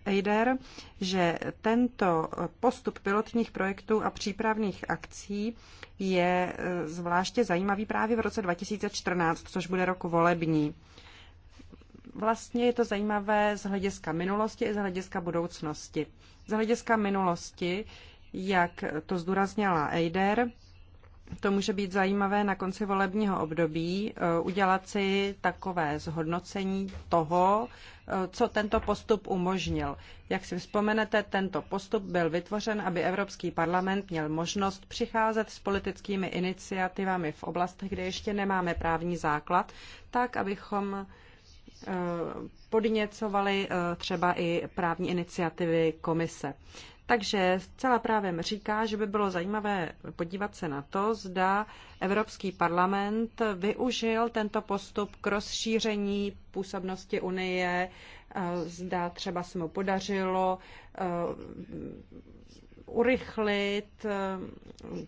Eider, že tento postup pilotních projektů a přípravných akcí je e, zvláště zajímavý právě v roce 2014, což bude rok volební. Vlastně je to zajímavé z hlediska minulosti i z hlediska budoucnosti. Z hlediska minulosti, jak to zdůraznila Eider, to může být zajímavé na konci volebního období eh, udělat si takové zhodnocení toho, eh, co tento postup umožnil. Jak si vzpomenete, tento postup byl vytvořen, aby Evropský parlament měl možnost přicházet s politickými iniciativami v oblastech, kde ještě nemáme právní základ, tak abychom eh, podněcovali třeba i právní iniciativy komise. Takže zcela právě říká, že by bylo zajímavé podívat se na to, zda Evropský parlament využil tento postup k rozšíření působnosti Unie, eh, zda třeba se mu podařilo eh, urychlit eh,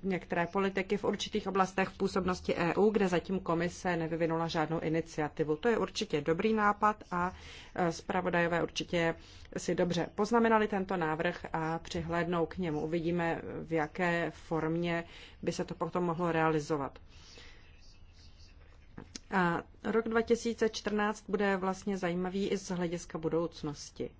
některé politiky v určitých oblastech v působnosti EU, kde zatím komise nevyvinula žádnou iniciativu. To je určitě dobrý nápad a eh, zpravodajové určitě si dobře poznamenali tento návrh a přihlédnou k němu. Uvidíme, v jaké formě by se to potom mohlo realizovat. A rok 2014 bude vlastně zajímavý i z hlediska budoucnosti.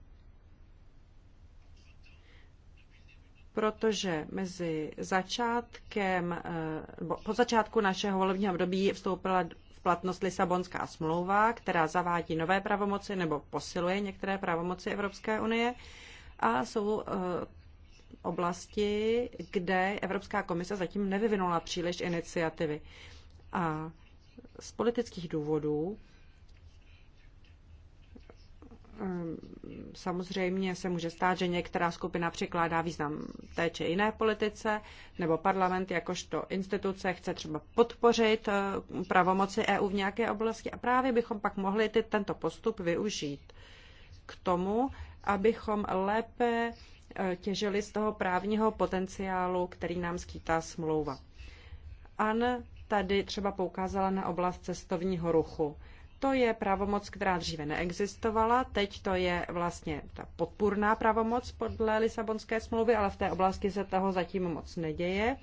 protože mezi začátkem, eh, po začátku našeho volebního období vstoupila v platnost Lisabonská smlouva, která zavádí nové pravomoci nebo posiluje některé pravomoci Evropské unie a jsou eh, oblasti, kde Evropská komise zatím nevyvinula příliš iniciativy. A z politických důvodů Ehm, samozřejmě se může stát, že některá skupina přikládá význam té či jiné politice, nebo parlament jakožto instituce chce třeba podpořit eh, pravomoci EU v nějaké oblasti a právě bychom pak mohli ty, tento postup využít k tomu, abychom lépe eh, těžili z toho právního potenciálu, který nám skýtá smlouva. An tady třeba poukázala na oblast cestovního ruchu. To je pravomoc, která dříve neexistovala. Teď to je vlastně ta podpůrná pravomoc podle Lisabonské smlouvy, ale v té oblasti se toho zatím moc neděje.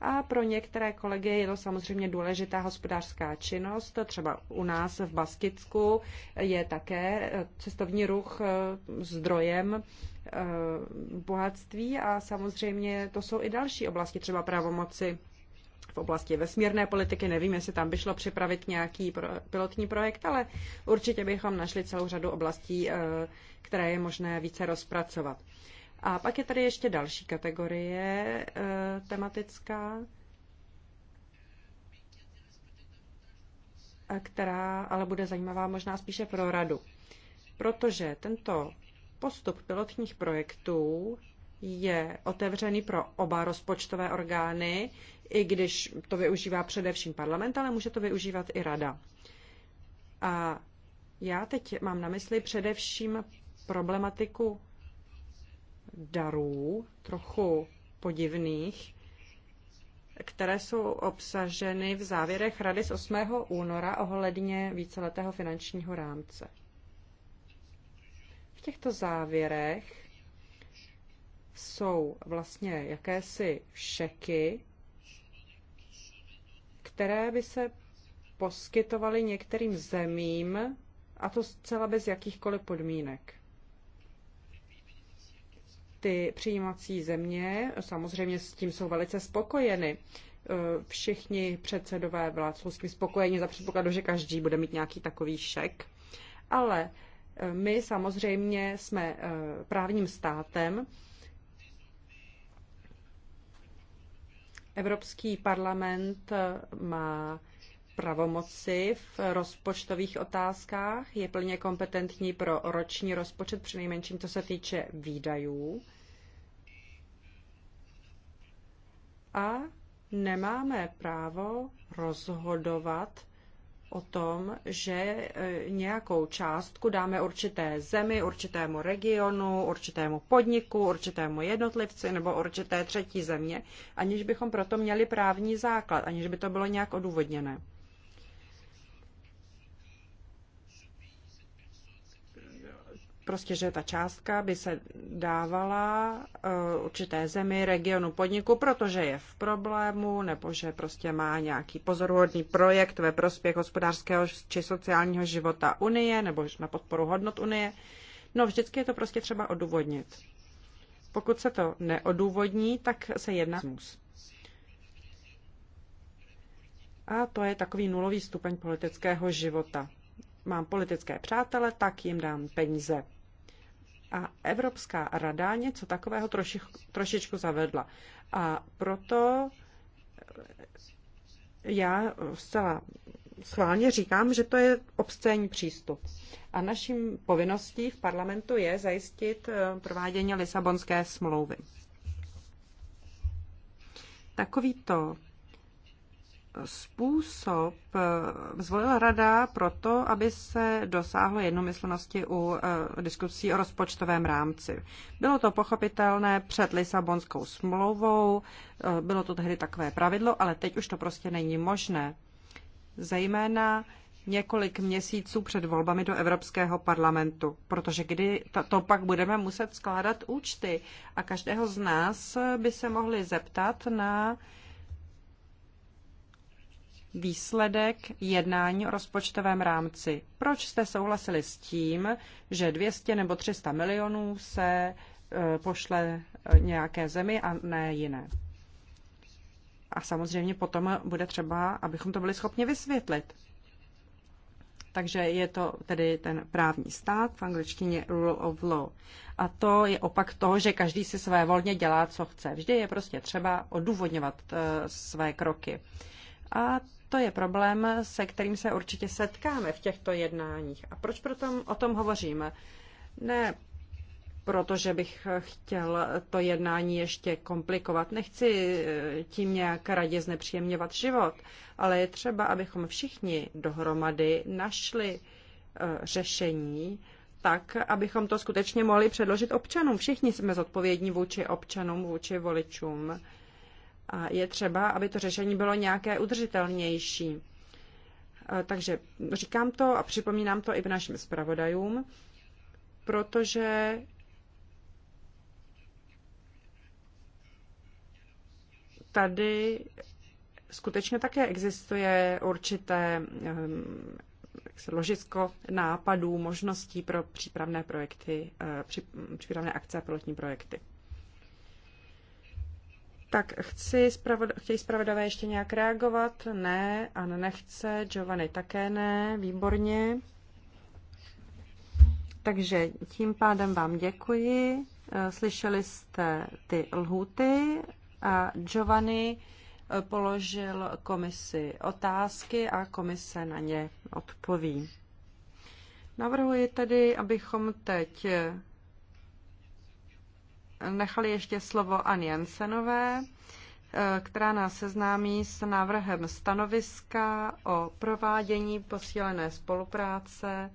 A pro některé kolegy je to samozřejmě důležitá hospodářská činnost. Třeba u nás v Baskicku je také eh, cestovní ruch eh, zdrojem eh, bohatství a samozřejmě to jsou i další oblasti, třeba pravomoci v oblasti vesmírné politiky. Nevím, jestli tam by šlo připravit nějaký pro, pilotní projekt, ale určitě bychom našli celou řadu oblastí, eh, které je možné více rozpracovat. A pak je tady ještě další kategorie eh, tematická, eh, která ale bude zajímavá možná spíše pro radu. Protože tento postup pilotních projektů je otevřený pro oba rozpočtové orgány, i když to využívá především parlament, ale může to využívat i rada. A já teď mám na mysli především problematiku darů, trochu podivných, které jsou obsaženy v závěrech Rady z 8. února ohledně víceletého finančního rámce. V těchto závěrech jsou vlastně jakési šeky, které by se poskytovaly některým zemím, a to zcela bez jakýchkoliv podmínek. Ty přijímací země samozřejmě s tím jsou velice spokojeny. E, všichni předsedové vlád jsou s tím spokojeni za předpokladu, že každý bude mít nějaký takový šek. Ale e, my samozřejmě jsme e, právním státem, Evropský parlament eh, má pravomoci v rozpočtových otázkách, je plně kompetentní pro roční rozpočet, přinejmenším to se týče výdajů. A nemáme právo rozhodovat o tom, že e, nějakou částku dáme určité zemi, určitému regionu, určitému podniku, určitému jednotlivci nebo určité třetí země, aniž bychom proto měli právní základ, aniž by to bylo nějak odůvodněné. prostě, že ta částka by se dávala eh, určité zemi, regionu, podniku, protože je v problému nebo že prostě má nějaký pozoruhodný projekt ve prospěch hospodářského či sociálního života Unie nebo na podporu hodnot Unie. No vždycky je to prostě třeba odůvodnit. Pokud se to neodůvodní, tak se jedná A to je takový nulový stupeň politického života mám politické přátele, tak jim dám peníze. A Evropská rada něco takového troši, trošičku zavedla. A proto já zcela schválně říkám, že to je obscénní přístup. A naším povinností v parlamentu je zajistit eh, provádění Lisabonské smlouvy. Takovýto způsob eh, zvolila rada proto, aby se dosáhlo jednomyslnosti u eh, diskusí o rozpočtovém rámci. Bylo to pochopitelné před Lisabonskou smlouvou, eh, bylo to tehdy takové pravidlo, ale teď už to prostě není možné. Zejména několik měsíců před volbami do Evropského parlamentu, protože kdy to, to pak budeme muset skládat účty a každého z nás by se mohli zeptat na výsledek jednání o rozpočtovém rámci. Proč jste souhlasili s tím, že 200 nebo 300 milionů se e, pošle e, nějaké zemi a ne jiné? A samozřejmě potom bude třeba, abychom to byli schopni vysvětlit. Takže je to tedy ten právní stát, v angličtině rule of law. A to je opak toho, že každý si své volně dělá, co chce. Vždy je prostě třeba odůvodňovat e, své kroky. A to je problém, se kterým se určitě setkáme v těchto jednáních. A proč proto o tom hovořím? Ne protože bych chtěl to jednání ještě komplikovat. Nechci eh, tím nějak radě znepříjemňovat život, ale je třeba, abychom všichni dohromady našli eh, řešení, tak, abychom to skutečně mohli předložit občanům. Všichni jsme zodpovědní vůči občanům, vůči voličům. A je třeba, aby to řešení bylo nějaké udržitelnější. E, takže říkám to a připomínám to i v našim zpravodajům, protože tady skutečně také existuje určité ložisko nápadů, možností pro přípravné projekty, e, přípravné akce a pilotní projekty. Tak chci, spravod- chtějí zpravodavé ještě nějak reagovat? Ne, a nechce, Giovanni také ne, výborně. Takže tím pádem vám děkuji. Eh, slyšeli jste ty lhuty a Giovanni eh, položil komisi otázky a komise na ně odpoví. Navrhuji tedy, abychom teď eh, nechali ještě slovo Ani Jensenové, eh, která nás seznámí s návrhem stanoviska o provádění posílené spolupráce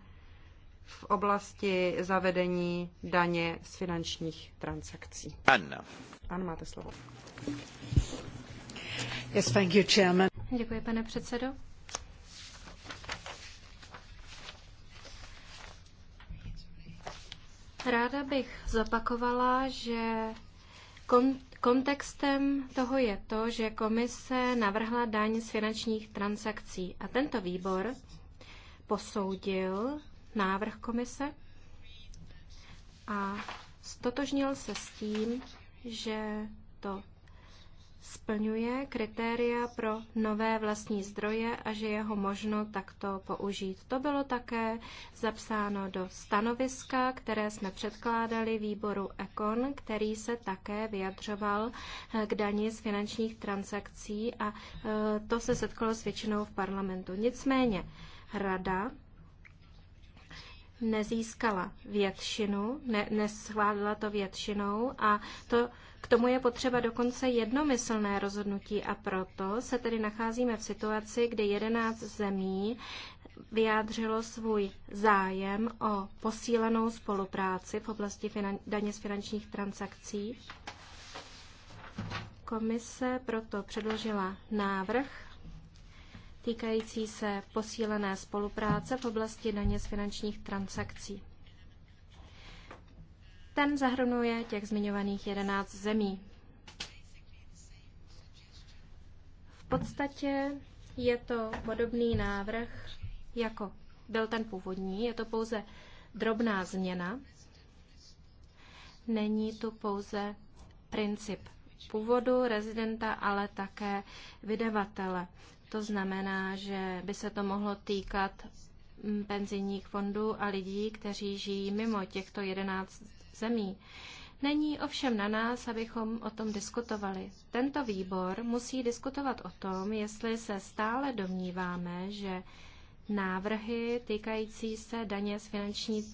v oblasti zavedení daně z finančních transakcí. Anna. Ano, máte slovo. Yes, thank you, chairman. Děkuji, pane předsedo. Ráda bych zopakovala, že kontextem toho je to, že komise navrhla daň z finančních transakcí a tento výbor posoudil návrh komise a stotožnil se s tím, že to splňuje kritéria pro nové vlastní zdroje a že je ho možno takto použít. To bylo také zapsáno do stanoviska, které jsme předkládali výboru Econ, který se také vyjadřoval eh, k dani z finančních transakcí a eh, to se setkalo s většinou v parlamentu. Nicméně rada nezískala většinu, ne, neschválila to většinou a to k tomu je potřeba dokonce jednomyslné rozhodnutí a proto se tedy nacházíme v situaci, kdy 11 zemí vyjádřilo svůj zájem o posílenou spolupráci v oblasti finan- daně z finančních transakcí. Komise proto předložila návrh týkající se posílené spolupráce v oblasti daně z finančních transakcí. Ten zahrnuje těch zmiňovaných 11 zemí. V podstatě je to podobný návrh, jako byl ten původní. Je to pouze drobná změna. Není tu pouze princip původu rezidenta, ale také vydavatele. To znamená, že by se to mohlo týkat penzijních fondů a lidí, kteří žijí mimo těchto 11 zemí. Není ovšem na nás, abychom o tom diskutovali. Tento výbor musí diskutovat o tom, jestli se stále domníváme, že návrhy týkající se daně z finanční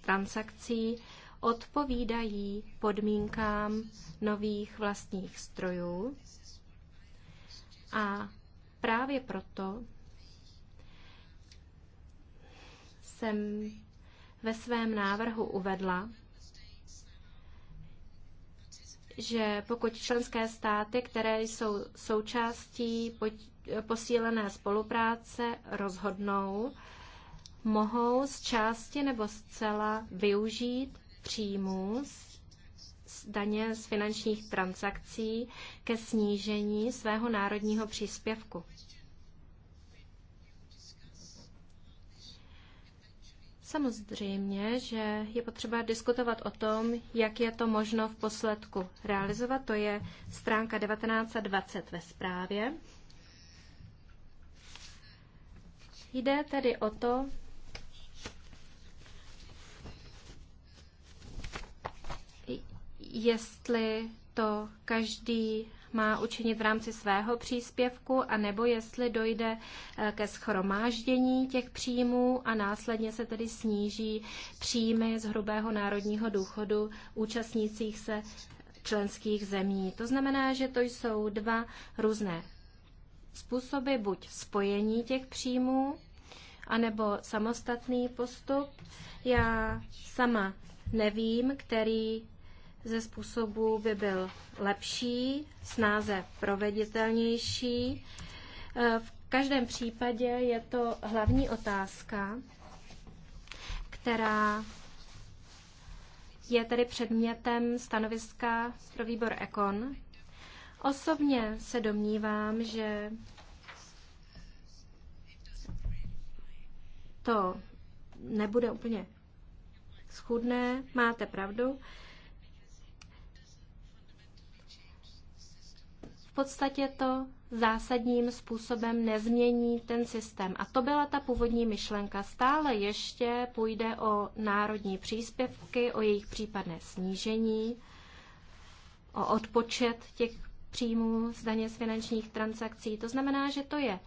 transakcí odpovídají podmínkám nových vlastních strojů. A právě proto jsem ve svém návrhu uvedla, že pokud členské státy, které jsou součástí posílené spolupráce, rozhodnou, mohou z části nebo zcela využít příjmů z daně z finančních transakcí ke snížení svého národního příspěvku. Samozřejmě, že je potřeba diskutovat o tom, jak je to možno v posledku realizovat. To je stránka 1920 ve zprávě. Jde tedy o to, jestli to každý má učinit v rámci svého příspěvku, anebo jestli dojde eh, ke schromáždění těch příjmů a následně se tedy sníží příjmy z hrubého národního důchodu účastnících se členských zemí. To znamená, že to jsou dva různé způsoby, buď spojení těch příjmů, anebo samostatný postup. Já sama nevím, který ze způsobů by byl lepší, snáze proveditelnější. E, v každém případě je to hlavní otázka, která je tedy předmětem stanoviska pro výbor Ekon. Osobně se domnívám, že to nebude úplně schudné, máte pravdu. podstatě to zásadním způsobem nezmění ten systém. A to byla ta původní myšlenka. Stále ještě půjde o národní příspěvky, o jejich případné snížení, o odpočet těch příjmů z daně z finančních transakcí. To znamená, že to je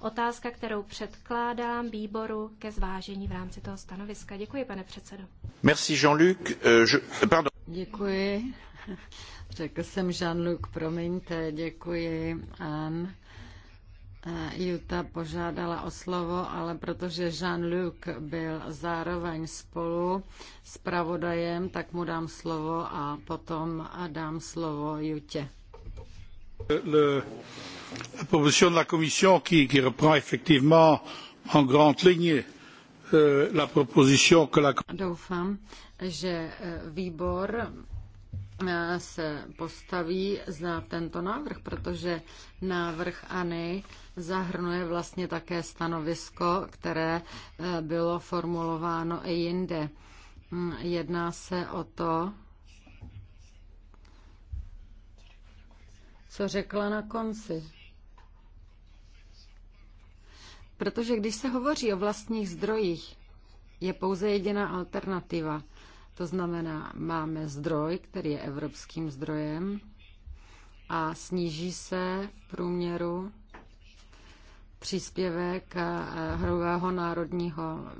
otázka, kterou předkládám výboru ke zvážení v rámci toho stanoviska. Děkuji, pane předsedo. Merci Jean-Luc. Euh, je... Pardon. Děkuji. Řekl jsem Jean-Luc, promiňte, děkuji, Anne. Juta požádala o slovo, ale protože Jean-Luc byl zároveň spolu s pravodajem, tak mu dám slovo a potom dám slovo Jutě. Le, la proposition de la Commission qui, qui reprend effectivement en grande ligne euh, la proposition que la Doufám, že e, výbor Eh, se postaví za tento návrh, protože návrh Ani zahrnuje vlastně také stanovisko, které eh, bylo formulováno i jinde. Mm, jedná se o to, co řekla na konci. Protože když se hovoří o vlastních zdrojích, je pouze jediná alternativa – to znamená, máme zdroj, který je evropským zdrojem a sníží se v průměru příspěvek eh, hrubého národního eh,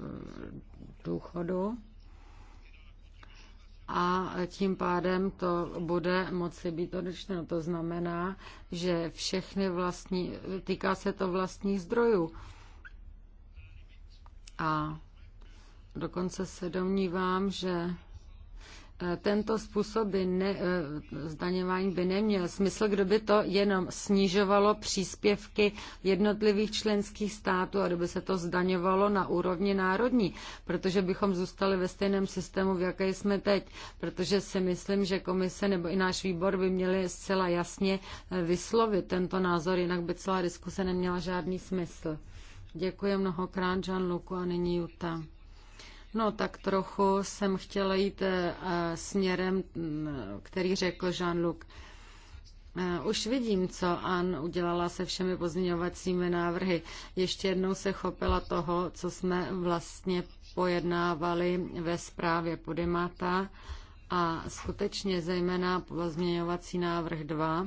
důchodu a tím pádem to bude moci být odečteno. To znamená, že všechny vlastní, týká se to vlastních zdrojů. A dokonce se domnívám, že Eh, tento způsob by ne, eh, zdaňování by neměl smysl, kdo by to jenom snižovalo příspěvky jednotlivých členských států a kdyby se to zdaňovalo na úrovni národní, protože bychom zůstali ve stejném systému, v jaké jsme teď, protože si myslím, že komise nebo i náš výbor by měli zcela jasně eh, vyslovit tento názor, jinak by celá diskuse neměla žádný smysl. Děkuji mnohokrát, Jean-Luc, a nyní Jutta. No tak trochu jsem chtěla jít eh, směrem, mm, který řekl Jean-Luc. Eh, už vidím, co Ann udělala se všemi pozměňovacími návrhy. Ještě jednou se chopila toho, co jsme vlastně pojednávali ve zprávě Podemata a skutečně zejména pozměňovací návrh 2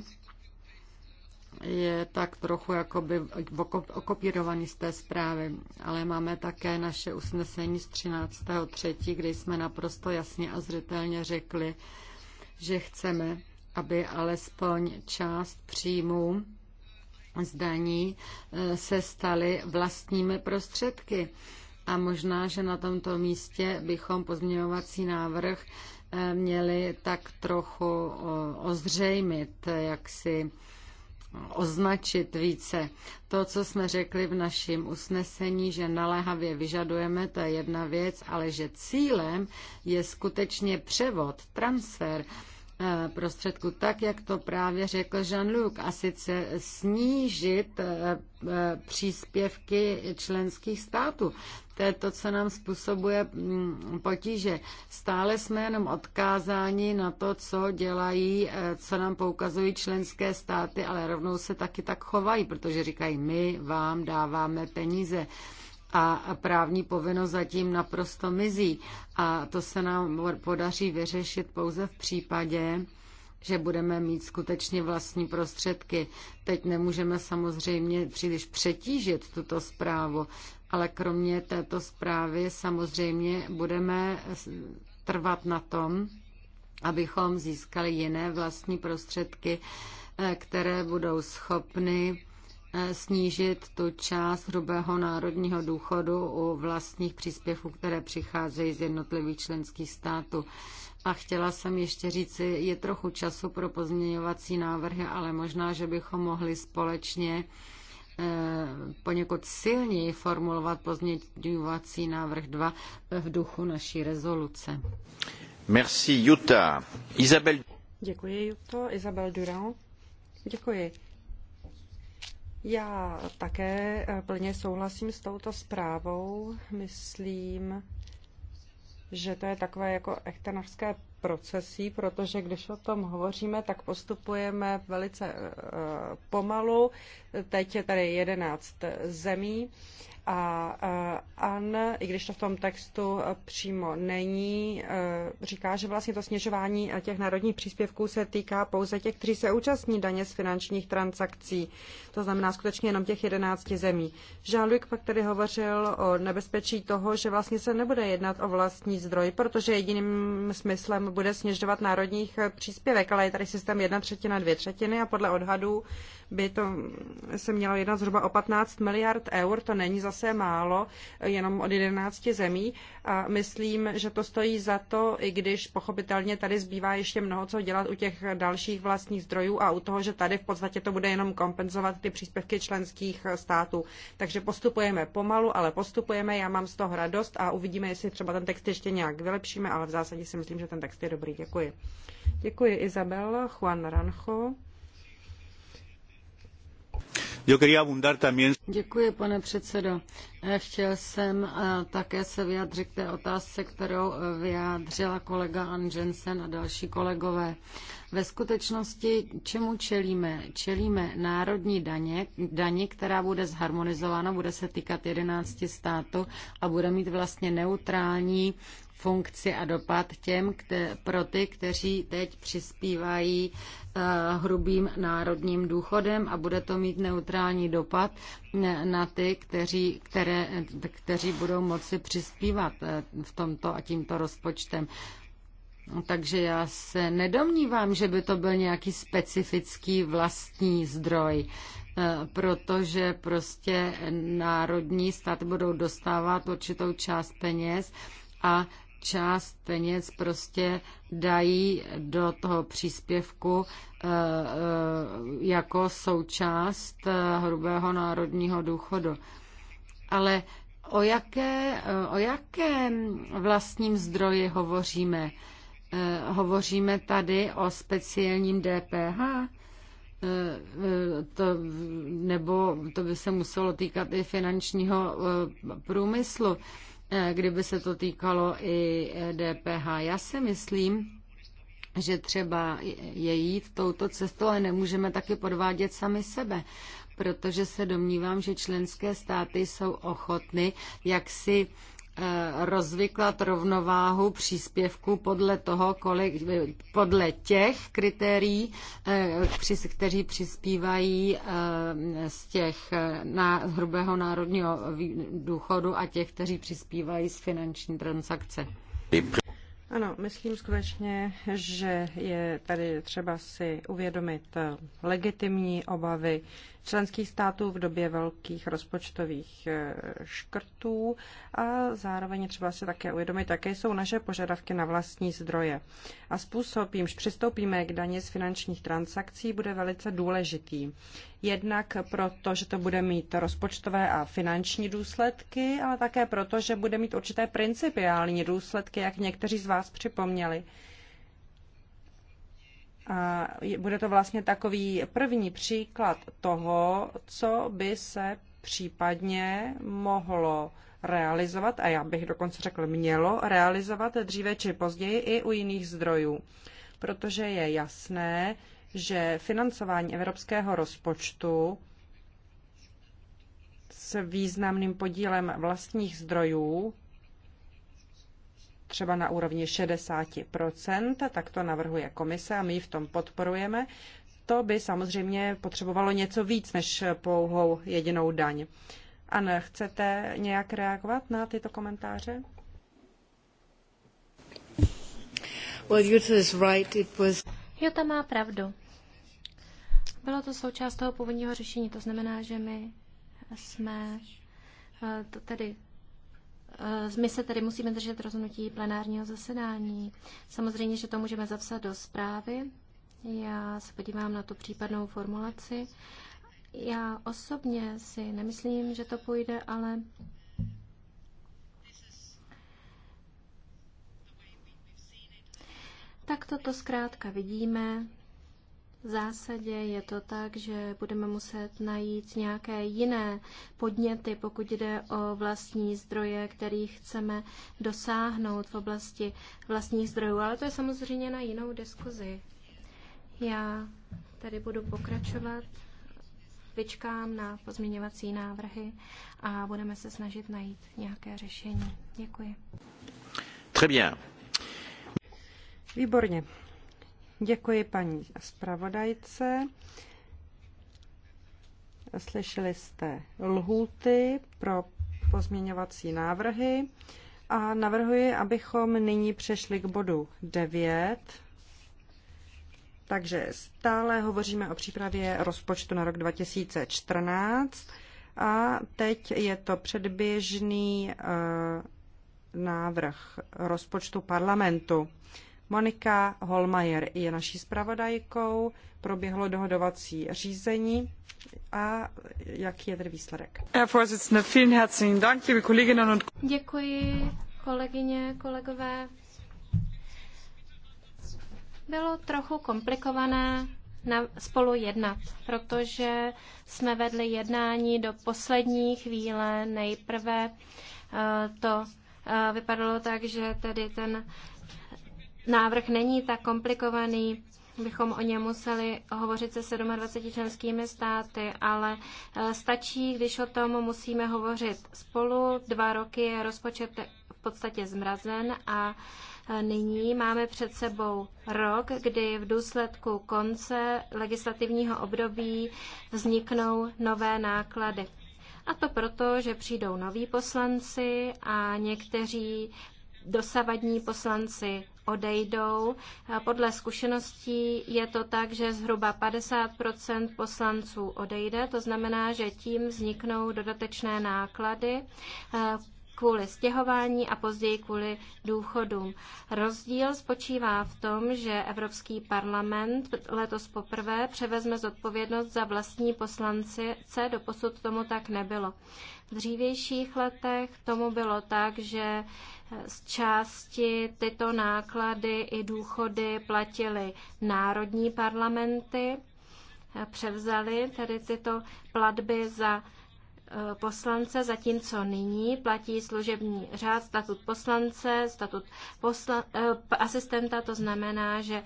je tak trochu jakoby okopírovaný z té zprávy, ale máme také naše usnesení z 13.3., kde jsme naprosto jasně a zřetelně řekli, že chceme, aby alespoň část příjmů zdaní e, se staly vlastními prostředky. A možná, že na tomto místě bychom pozměňovací návrh e, měli tak trochu ozřejmit, jak si označit více. To, co jsme řekli v našem usnesení, že naléhavě vyžadujeme, to je jedna věc, ale že cílem je skutečně převod, transfer prostředků, tak jak to právě řekl Jean-Luc, a sice snížit eh, eh, příspěvky členských států. To je to, co nám způsobuje mm, potíže. Stále jsme jenom odkázáni na to, co dělají, eh, co nám poukazují členské státy, ale rovnou se taky tak chovají, protože říkají, my vám dáváme peníze a právní povinnost zatím naprosto mizí. A to se nám podaří vyřešit pouze v případě, že budeme mít skutečně vlastní prostředky. Teď nemůžeme samozřejmě příliš přetížit tuto zprávu, ale kromě této zprávy samozřejmě budeme trvat na tom, abychom získali jiné vlastní prostředky, eh, které budou schopny Eh, snížit tu část hrubého národního důchodu u vlastních příspěvků, které přicházejí z jednotlivých členských států. A chtěla jsem ještě říci, je trochu času pro pozměňovací návrhy, ale možná, že bychom mohli společně eh, poněkud silněji formulovat pozměňovací návrh 2 v duchu naší rezoluce. Merci, Jutta. Isabel... Děkuji, Jutta. Isabel Durand. Děkuji. Já také eh, plně souhlasím s touto zprávou. Myslím, že to je takové jako echtenachské procesí, protože když o tom hovoříme, tak postupujeme velice eh, pomalu. Teď je tady 11 zemí a eh, An, i když to v tom textu eh, přímo není, říká, že vlastně to snižování těch národních příspěvků se týká pouze těch, kteří se účastní daně z finančních transakcí. To znamená skutečně jenom těch 11 zemí. Jean-Luc pak tedy hovořil o nebezpečí toho, že vlastně se nebude jednat o vlastní zdroj, protože jediným smyslem bude snižovat národních eh, příspěvek, ale je tady systém jedna třetina, dvě třetiny a podle odhadů by to mm, se mělo jednat zhruba o 15 miliard eur, to není zase málo, eh, jenom od 11 zemí a myslím, že to stojí za to, i když pochopitelně tady zbývá ještě mnoho co dělat u těch dalších vlastních zdrojů a u toho, že tady v podstatě to bude jenom kompenzovat ty příspěvky členských eh, států. Takže postupujeme pomalu, ale postupujeme, já mám z toho radost a uvidíme, jestli třeba ten text ještě nějak vylepšíme, ale v zásadě si myslím, že ten text text prostě je dobrý. Děkuji. Děkuji Izabel, Juan Rancho. Děkuji, pane předsedo. Eh, chtěl jsem eh, také se vyjádřit k té otázce, kterou eh, vyjádřila kolega Anjensen a další kolegové. Ve skutečnosti čemu čelíme? Čelíme národní daně, daně, která bude zharmonizována, bude se týkat 11 států a bude mít vlastně neutrální funkci a dopad těm, kte, pro ty, kteří teď přispívají uh, hrubým národním důchodem a bude to mít neutrální dopad na ty, kteří, které, kteří budou moci přispívat eh, v tomto a tímto rozpočtem. Takže já se nedomnívám, že by to byl nějaký specifický vlastní zdroj eh, protože prostě národní stát budou dostávat určitou část peněz a část peněz prostě dají do toho příspěvku eh, eh, jako součást eh, hrubého národního důchodu. Ale o, jaké, o jakém vlastním zdroji hovoříme? Hovoříme tady o speciálním DPH? to, nebo to by se muselo týkat i finančního průmyslu. Eh, kdyby se to týkalo i DPH. Eh, Já si myslím, že třeba je jít touto cestou, ale nemůžeme taky podvádět sami sebe, protože se domnívám, že členské státy jsou ochotny, jak si Eh, rozvyklat rovnováhu příspěvku podle toho, kolik, podle těch kritérií, eh, kteří přispívají eh, z těch na hrubého národního důchodu a těch, kteří přispívají z finanční transakce. Ano, myslím skutečně, že je tady třeba si uvědomit legitimní obavy členských států v době velkých rozpočtových eh, škrtů a zároveň třeba si také uvědomit, jaké jsou naše požadavky na vlastní zdroje. A způsob, jimž přistoupíme k daně z finančních transakcí, bude velice důležitý. Jednak proto, že to bude mít rozpočtové a finanční důsledky, ale také proto, že bude mít určité principiální důsledky, jak někteří z vás připomněli bude to vlastně takový první příklad toho, co by se případně mohlo realizovat, a já bych dokonce řekl mělo realizovat dříve či později i u jiných zdrojů. Protože je jasné, že financování evropského rozpočtu s významným podílem vlastních zdrojů třeba na úrovni 60%, tak to navrhuje komise a my ji v tom podporujeme. To by samozřejmě potřebovalo něco víc než pouhou jedinou daň. A chcete nějak reagovat na tyto komentáře? Well, right. It was... má pravdu. Bylo to součást toho původního řešení, to znamená, že my jsme eh, to tedy Eh, my se tedy musíme držet rozhodnutí plenárního zasedání. Samozřejmě, že to můžeme zapsat do zprávy. Já se podívám na tu případnou formulaci. Já osobně si nemyslím, že to půjde, ale tak toto zkrátka vidíme. V zásadě je to tak, že budeme muset najít nějaké jiné podněty, pokud jde o vlastní zdroje, kterých chceme dosáhnout v oblasti vlastních zdrojů. Ale to je samozřejmě na jinou diskuzi. Já tady budu pokračovat, vyčkám na pozměňovací návrhy a budeme se snažit najít nějaké řešení. Děkuji. Très bien. Výborně. Děkuji paní zpravodajce. Slyšeli jste lhůty pro pozměňovací návrhy a navrhuji, abychom nyní přešli k bodu 9. Takže stále hovoříme o přípravě rozpočtu na rok 2014 a teď je to předběžný eh, návrh rozpočtu parlamentu. Monika Holmajer je naší zpravodajkou, proběhlo dohodovací řízení a jaký je tedy výsledek? Děkuji, kolegyně, kolegové. Bylo trochu komplikované na, spolu jednat, protože jsme vedli jednání do poslední chvíle. Nejprve eh, to eh, vypadalo tak, že tedy ten návrh není tak komplikovaný, bychom o něm museli hovořit se 27 členskými státy, ale eh, stačí, když o tom musíme hovořit spolu. Dva roky je rozpočet v podstatě zmrazen a eh, Nyní máme před sebou rok, kdy v důsledku konce legislativního období vzniknou nové náklady. A to proto, že přijdou noví poslanci a někteří dosavadní poslanci odejdou. Podle zkušeností je to tak, že zhruba 50 poslanců odejde, to znamená, že tím vzniknou dodatečné náklady eh, kvůli stěhování a později kvůli důchodům. Rozdíl spočívá v tom, že Evropský parlament letos poprvé převezme zodpovědnost za vlastní poslance, do posud tomu tak nebylo. V dřívějších letech tomu bylo tak, že z části tyto náklady i důchody platily národní parlamenty, převzali tedy tyto platby za e, poslance, zatímco nyní platí služební řád, statut poslance, statut posla, e, asistenta, to znamená, že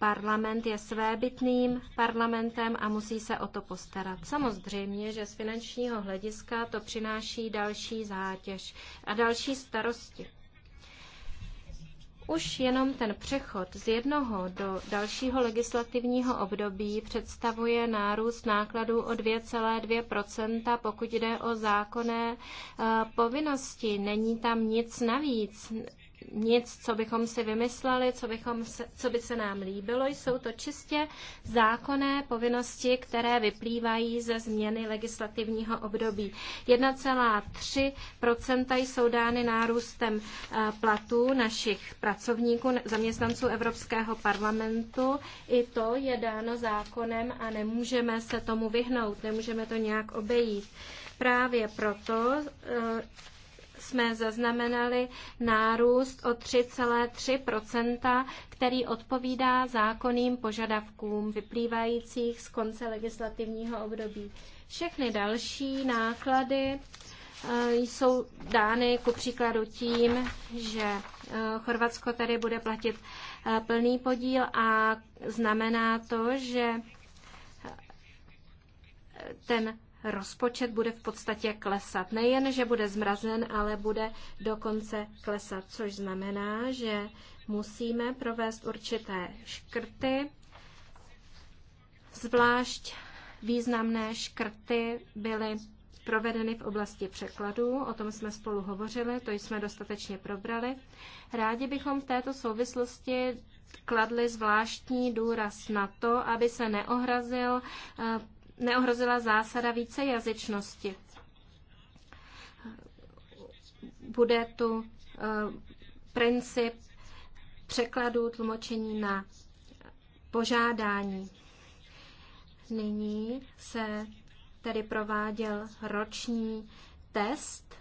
Parlament je svébytným parlamentem a musí se o to postarat. Samozřejmě, že z finančního hlediska to přináší další zátěž a další starosti. Už jenom ten přechod z jednoho do dalšího legislativního období představuje nárůst nákladů o 2,2 pokud jde o zákonné eh, povinnosti. Není tam nic navíc, nic, co bychom si vymysleli, co, bychom se, co by se nám líbilo. Jsou to čistě zákonné povinnosti, které vyplývají ze změny legislativního období. 1,3 jsou dány nárůstem eh, platů našich pracovníků, zaměstnanců Evropského parlamentu. I to je dáno zákonem a nemůžeme se tomu vyhnout, nemůžeme to nějak obejít. Právě proto eh, jsme zaznamenali nárůst o 3,3 který odpovídá zákonným požadavkům vyplývajících z konce legislativního období. Všechny další náklady eh, jsou dány ku příkladu tím, že eh, Chorvatsko tady bude platit eh, plný podíl a znamená to, že ten rozpočet bude v podstatě klesat. Nejen, že bude zmrazen, ale bude dokonce klesat, což znamená, že musíme provést určité škrty, zvlášť významné škrty byly provedeny v oblasti překladů, o tom jsme spolu hovořili, to jsme dostatečně probrali. Rádi bychom v této souvislosti kladli zvláštní důraz na to, aby se neohrazil eh, neohrozila zásada vícejazyčnosti. Bude tu eh, princip překladu tlumočení na požádání. Nyní se tedy prováděl roční test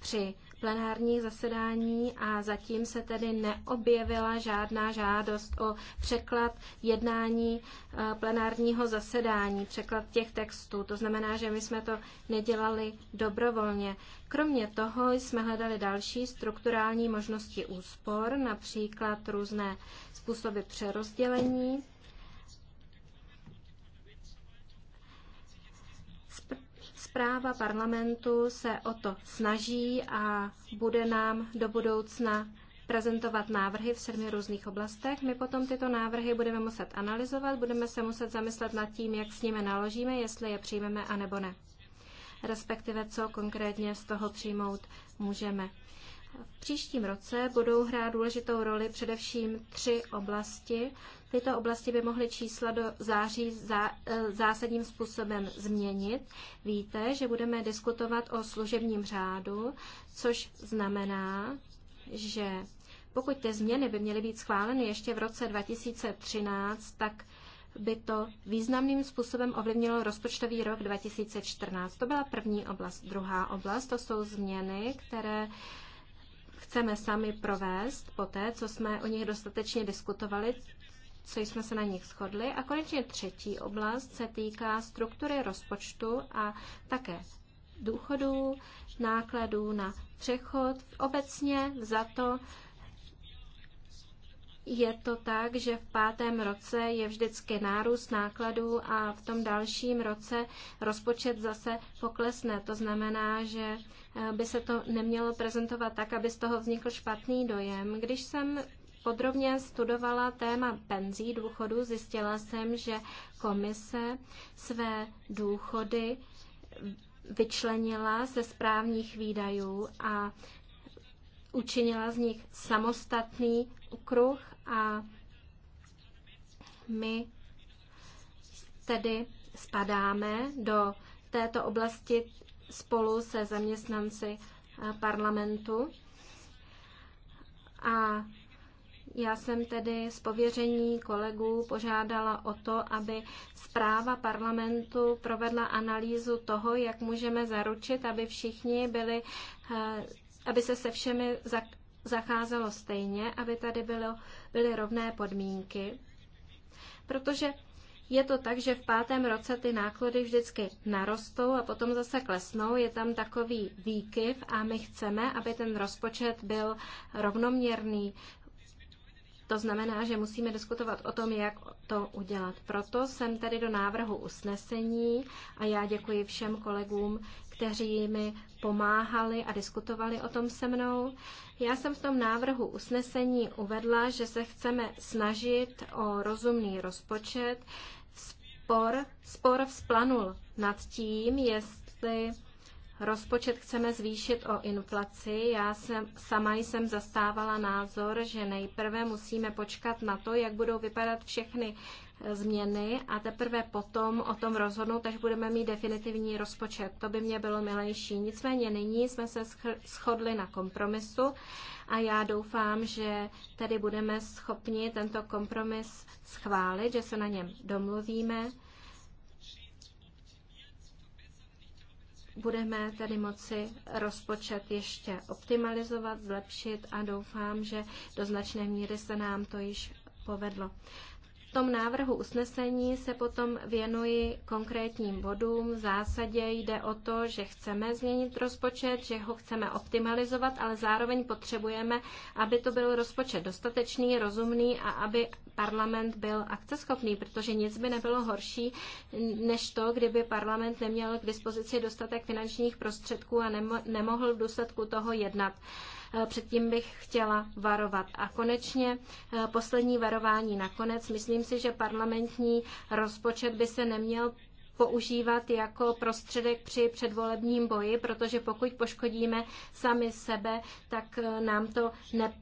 při plenárních zasedání a zatím se tedy neobjevila žádná žádost o překlad jednání eh, plenárního zasedání, překlad těch textů. To znamená, že my jsme to nedělali dobrovolně. Kromě toho jsme hledali další strukturální možnosti úspor, například různé způsoby přerozdělení Zpráva parlamentu se o to snaží a bude nám do budoucna prezentovat návrhy v sedmi různých oblastech. My potom tyto návrhy budeme muset analyzovat, budeme se muset zamyslet nad tím, jak s nimi naložíme, jestli je přijmeme a nebo ne. Respektive, co konkrétně z toho přijmout můžeme. V příštím roce budou hrát důležitou roli především tři oblasti. Tyto oblasti by mohly čísla do září zá, e, zásadním způsobem změnit. Víte, že budeme diskutovat o služebním řádu, což znamená, že pokud ty změny by měly být schváleny ještě v roce 2013, tak by to významným způsobem ovlivnilo rozpočtový rok 2014. To byla první oblast. Druhá oblast to jsou změny, které chceme sami provést po té, co jsme o nich dostatečně diskutovali, co jsme se na nich shodli. A konečně třetí oblast se týká struktury rozpočtu a také důchodů, nákladů na přechod. Obecně za to je to tak, že v pátém roce je vždycky nárůst nákladů a v tom dalším roce rozpočet zase poklesne. To znamená, že eh, by se to nemělo prezentovat tak, aby z toho vznikl špatný dojem. Když jsem podrobně studovala téma penzí důchodu, zjistila jsem, že komise své důchody vyčlenila ze správních výdajů a učinila z nich samostatný okruh a my tedy spadáme do této oblasti spolu se zaměstnanci eh, parlamentu. A já jsem tedy z pověření kolegů požádala o to, aby zpráva parlamentu provedla analýzu toho, jak můžeme zaručit, aby všichni byli, eh, aby se se všemi zacházelo stejně, aby tady bylo, byly rovné podmínky. Protože je to tak, že v pátém roce ty náklady vždycky narostou a potom zase klesnou. Je tam takový výkyv a my chceme, aby ten rozpočet byl rovnoměrný. To znamená, že musíme diskutovat o tom, jak to udělat. Proto jsem tady do návrhu usnesení a já děkuji všem kolegům, kteří mi pomáhali a diskutovali o tom se mnou. Já jsem v tom návrhu usnesení uvedla, že se chceme snažit o rozumný rozpočet. Spor, spor vzplanul nad tím, jestli rozpočet chceme zvýšit o inflaci. Já jsem, sama jsem zastávala názor, že nejprve musíme počkat na to, jak budou vypadat všechny eh, změny a teprve potom o tom rozhodnout, až budeme mít definitivní rozpočet. To by mě bylo milejší. Nicméně nyní jsme se shodli na kompromisu a já doufám, že tedy budeme schopni tento kompromis schválit, že se na něm domluvíme budeme tady moci rozpočet ještě optimalizovat, zlepšit a doufám, že do značné míry se nám to již povedlo. V tom návrhu usnesení se potom věnuji konkrétním bodům. V zásadě jde o to, že chceme změnit rozpočet, že ho chceme optimalizovat, ale zároveň potřebujeme, aby to byl rozpočet dostatečný, rozumný a aby parlament byl akceschopný, protože nic by nebylo horší než to, kdyby parlament neměl k dispozici dostatek finančních prostředků a nemohl v důsledku toho jednat. Eh, předtím bych chtěla varovat. A konečně eh, poslední varování nakonec. Myslím si, že parlamentní rozpočet by se neměl používat jako prostředek při předvolebním boji, protože pokud poškodíme sami sebe, tak eh, nám to ne,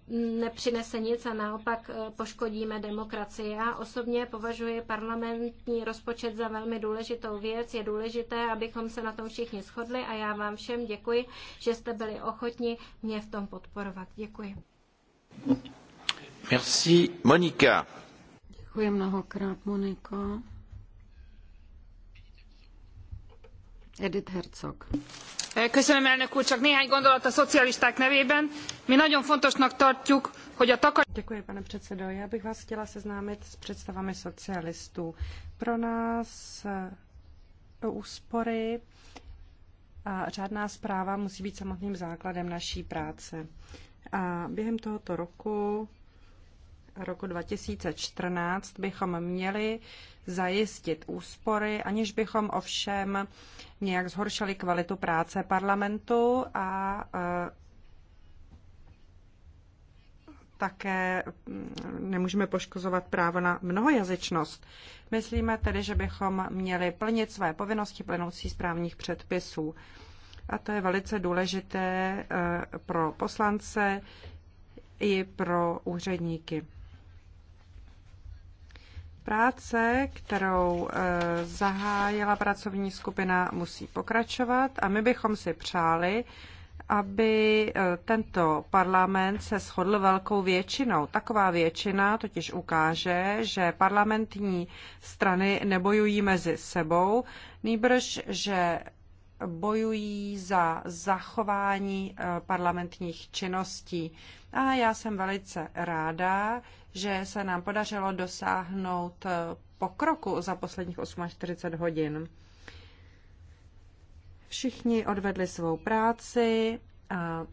nepřinese nic a naopak eh, poškodíme demokracii. Já osobně považuji parlamentní rozpočet za velmi důležitou věc. Je důležité, abychom se na tom všichni shodli a já vám všem děkuji, že jste byli ochotni mě v tom podporovat. Děkuji. Merci, Monika. Děkuji mnohokrát, Moniko. Děkuji, pane předsedající Já bych vás chtěla seznámit s představami socialistů. Pro nás eh, úspory a řádná zpráva musí být samotným základem naší práce. A během tohoto roku roku 2014 bychom měli zajistit úspory, aniž bychom ovšem nějak zhoršili kvalitu práce parlamentu a e, také mm, nemůžeme poškozovat právo na mnohojazyčnost. Myslíme tedy, že bychom měli plnit své povinnosti plynoucí správních předpisů. A to je velice důležité e, pro poslance i pro úředníky. Práce, kterou eh, zahájila pracovní skupina, musí pokračovat a my bychom si přáli, aby eh, tento parlament se shodl velkou většinou. Taková většina totiž ukáže, že parlamentní strany nebojují mezi sebou, nýbrž, že bojují za zachování eh, parlamentních činností. A já jsem velice ráda, že se nám podařilo dosáhnout eh, pokroku za posledních 48 hodin. Všichni odvedli svou práci a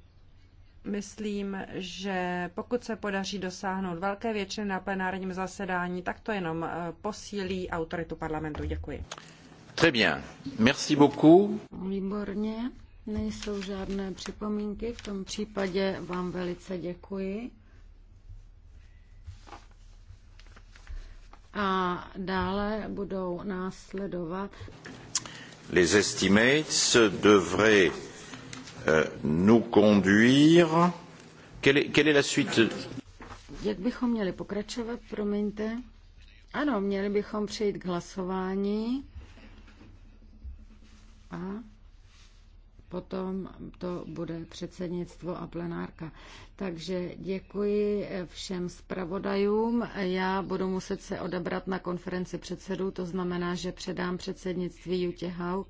myslím, že pokud se podaří dosáhnout velké většiny na plenárním zasedání, tak to jenom eh, posílí autoritu parlamentu. Děkuji. Très bien. Merci beaucoup. Výborně. Nejsou žádné připomínky. V tom případě vám velice děkuji. a dále budou následovat. Les estimates devraient euh, nous conduire. Quelle est, quelle est la suite Jak bychom měli pokračovat, promiňte? Ano, měli bychom přejít k hlasování. A potom to bude předsednictvo a plenárka. Takže děkuji všem zpravodajům. Já budu muset se odebrat na konferenci předsedů, to znamená, že předám předsednictví Jutě Hauk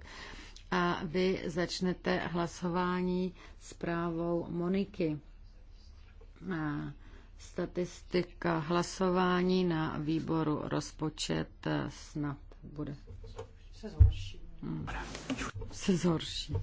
a vy začnete hlasování zprávou Moniky. A statistika hlasování na výboru rozpočet snad bude. Se zhorší. Hmm. Se zhorší.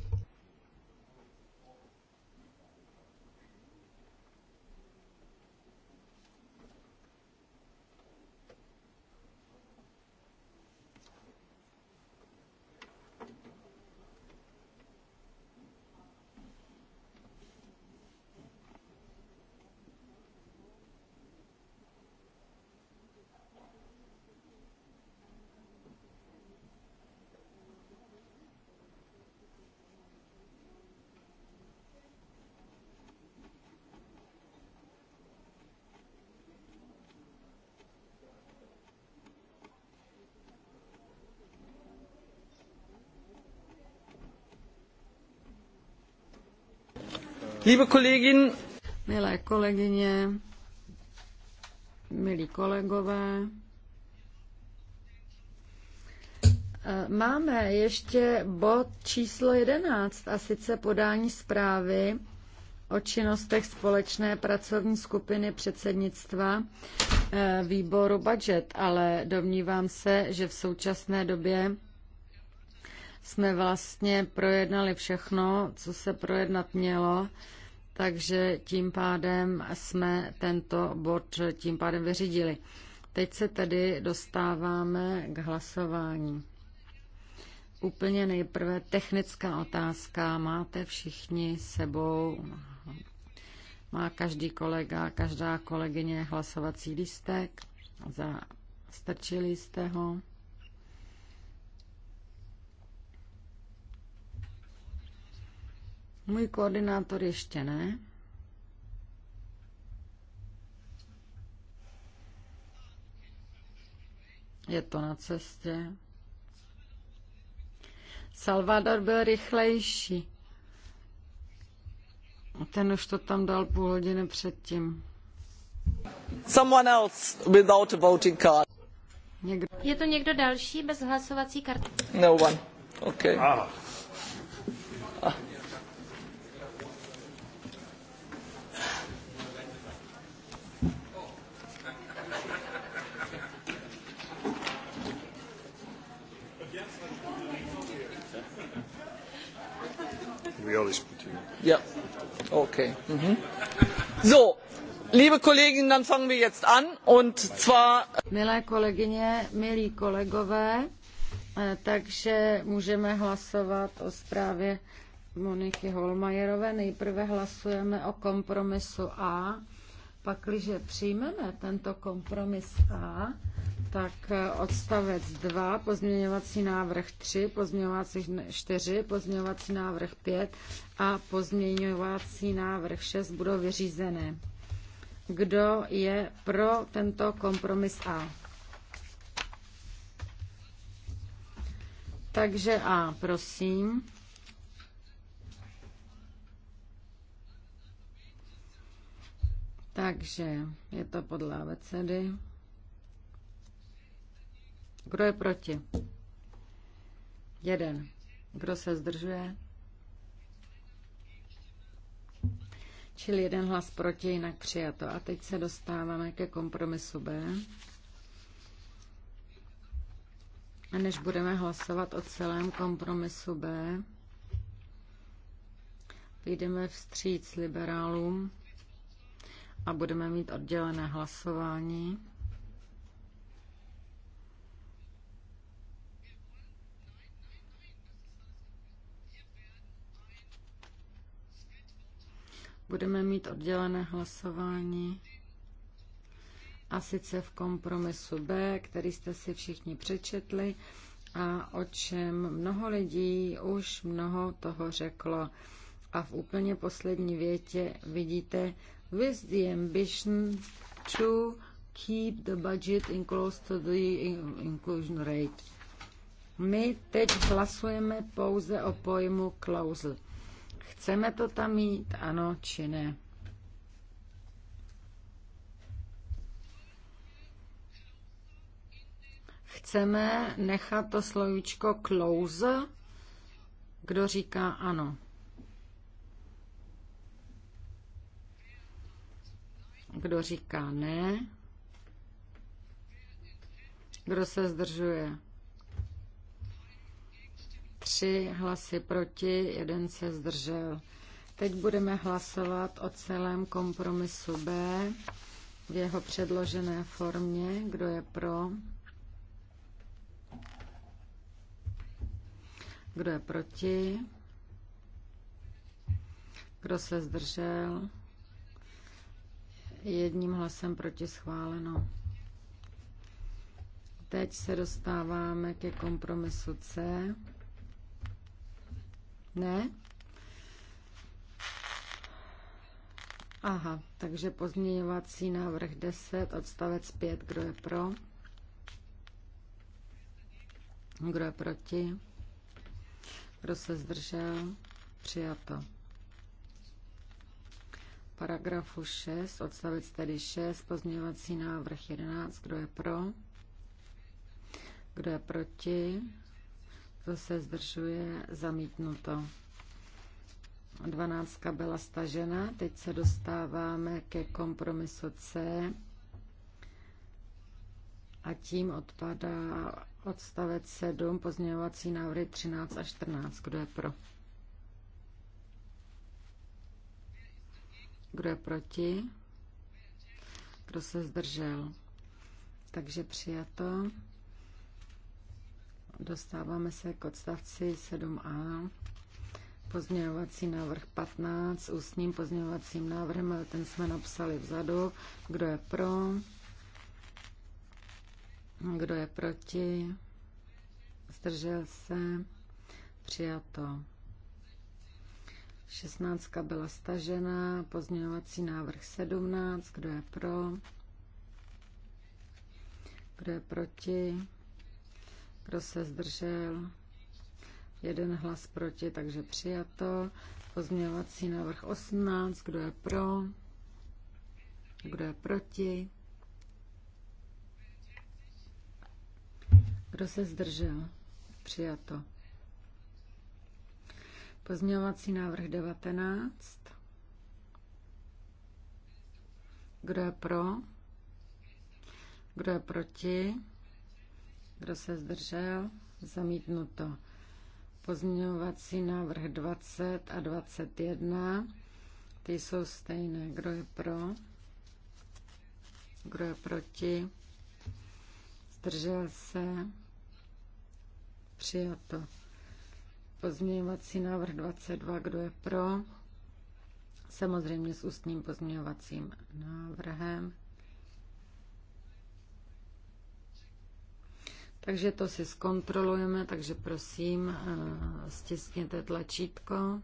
Liebe Kolleginnen, Milé kolegyně, milí kolegové, Máme ještě bod číslo 11 a sice podání zprávy o činnostech společné pracovní skupiny předsednictva eh, výboru budget, ale domnívám se, že v současné době jsme vlastně projednali všechno, co se projednat mělo, takže tím pádem jsme tento bod tím pádem vyřídili. Teď se tedy dostáváme k hlasování. Úplně nejprve technická otázka. Máte všichni sebou, má každý kolega, každá kolegyně hlasovací lístek? Zastrčili jste ho? Můj koordinátor ještě ne. Je to na cestě. Salvador byl rychlejší. Ten už to tam dal půl hodiny předtím. Someone else without a voting card. Někdo. Je to někdo další bez hlasovací karty? No one. Okay. Ah. Okay. Mhm. So, liebe Kolleginnen, dann fangen wir jetzt an und zwar... Milé kolegyně, milí kolegové, eh, takže můžeme hlasovat o zprávě Moniky Holmajerové. Nejprve hlasujeme o kompromisu A. Pakliže přijmeme tento kompromis A, tak eh, odstavec 2, pozměňovací návrh 3, pozměňovací 4, pozměňovací návrh 5 a pozměňovací návrh 6 budou vyřízené. Kdo je pro tento kompromis A? Takže A, prosím. Takže je to podle abecedy. Kdo je proti? Jeden. Kdo se zdržuje? Čili jeden hlas proti, jinak přijato. A teď se dostáváme ke kompromisu B. A než budeme hlasovat o celém kompromisu B, vyjdeme vstříc liberálům a budeme mít oddělené hlasování. Budeme mít oddělené hlasování a sice v kompromisu B, který jste si všichni přečetli a o čem mnoho lidí už mnoho toho řeklo. A v úplně poslední větě vidíte with the ambition to keep the budget in close to the inclusion rate. My teď hlasujeme pouze o pojmu close. Chceme to tam mít, ano či ne? Chceme nechat to slovíčko close, kdo říká ano. Kdo říká ne? Kdo se zdržuje? Tři hlasy proti, jeden se zdržel. Teď budeme hlasovat o celém kompromisu B v jeho předložené formě. Kdo je pro? Kdo je proti? Kdo se zdržel? Jedním hlasem proti schváleno. Teď se dostáváme ke kompromisu C. Ne? Aha, takže pozměňovací návrh 10, odstavec 5, kdo je pro? Kdo je proti? Kdo se zdržel? Přijato. Paragrafu 6, odstavec tedy 6, pozměňovací návrh 11, kdo je pro? Kdo je proti? To se zdržuje? Zamítnuto. Dvanáctka byla stažena. Teď se dostáváme ke kompromisu C. A tím odpadá odstavec 7, pozměňovací návrhy 13 a 14. Kdo je pro? Kdo je proti? Kdo se zdržel? Takže přijato. Dostáváme se k odstavci 7a. Pozměňovací návrh 15 ústním pozměňovacím návrhem, ale ten jsme napsali vzadu. Kdo je pro? Kdo je proti? Zdržel se? Přijato. 16 byla stažena, pozměňovací návrh 17, kdo je pro, kdo je proti, kdo se zdržel? Jeden hlas proti, takže přijato. Pozměňovací návrh 18. Kdo je pro? Kdo je proti? Kdo se zdržel? Přijato. Pozměňovací návrh 19. Kdo je pro? Kdo je proti? Kdo se zdržel? Zamítnuto. Pozměňovací návrh 20 a 21. Ty jsou stejné. Kdo je pro? Kdo je proti? Zdržel se? Přijato. Pozměňovací návrh 22. Kdo je pro? Samozřejmě s ústním pozměňovacím návrhem. Takže to si zkontrolujeme, takže prosím, eh, stisněte tlačítko.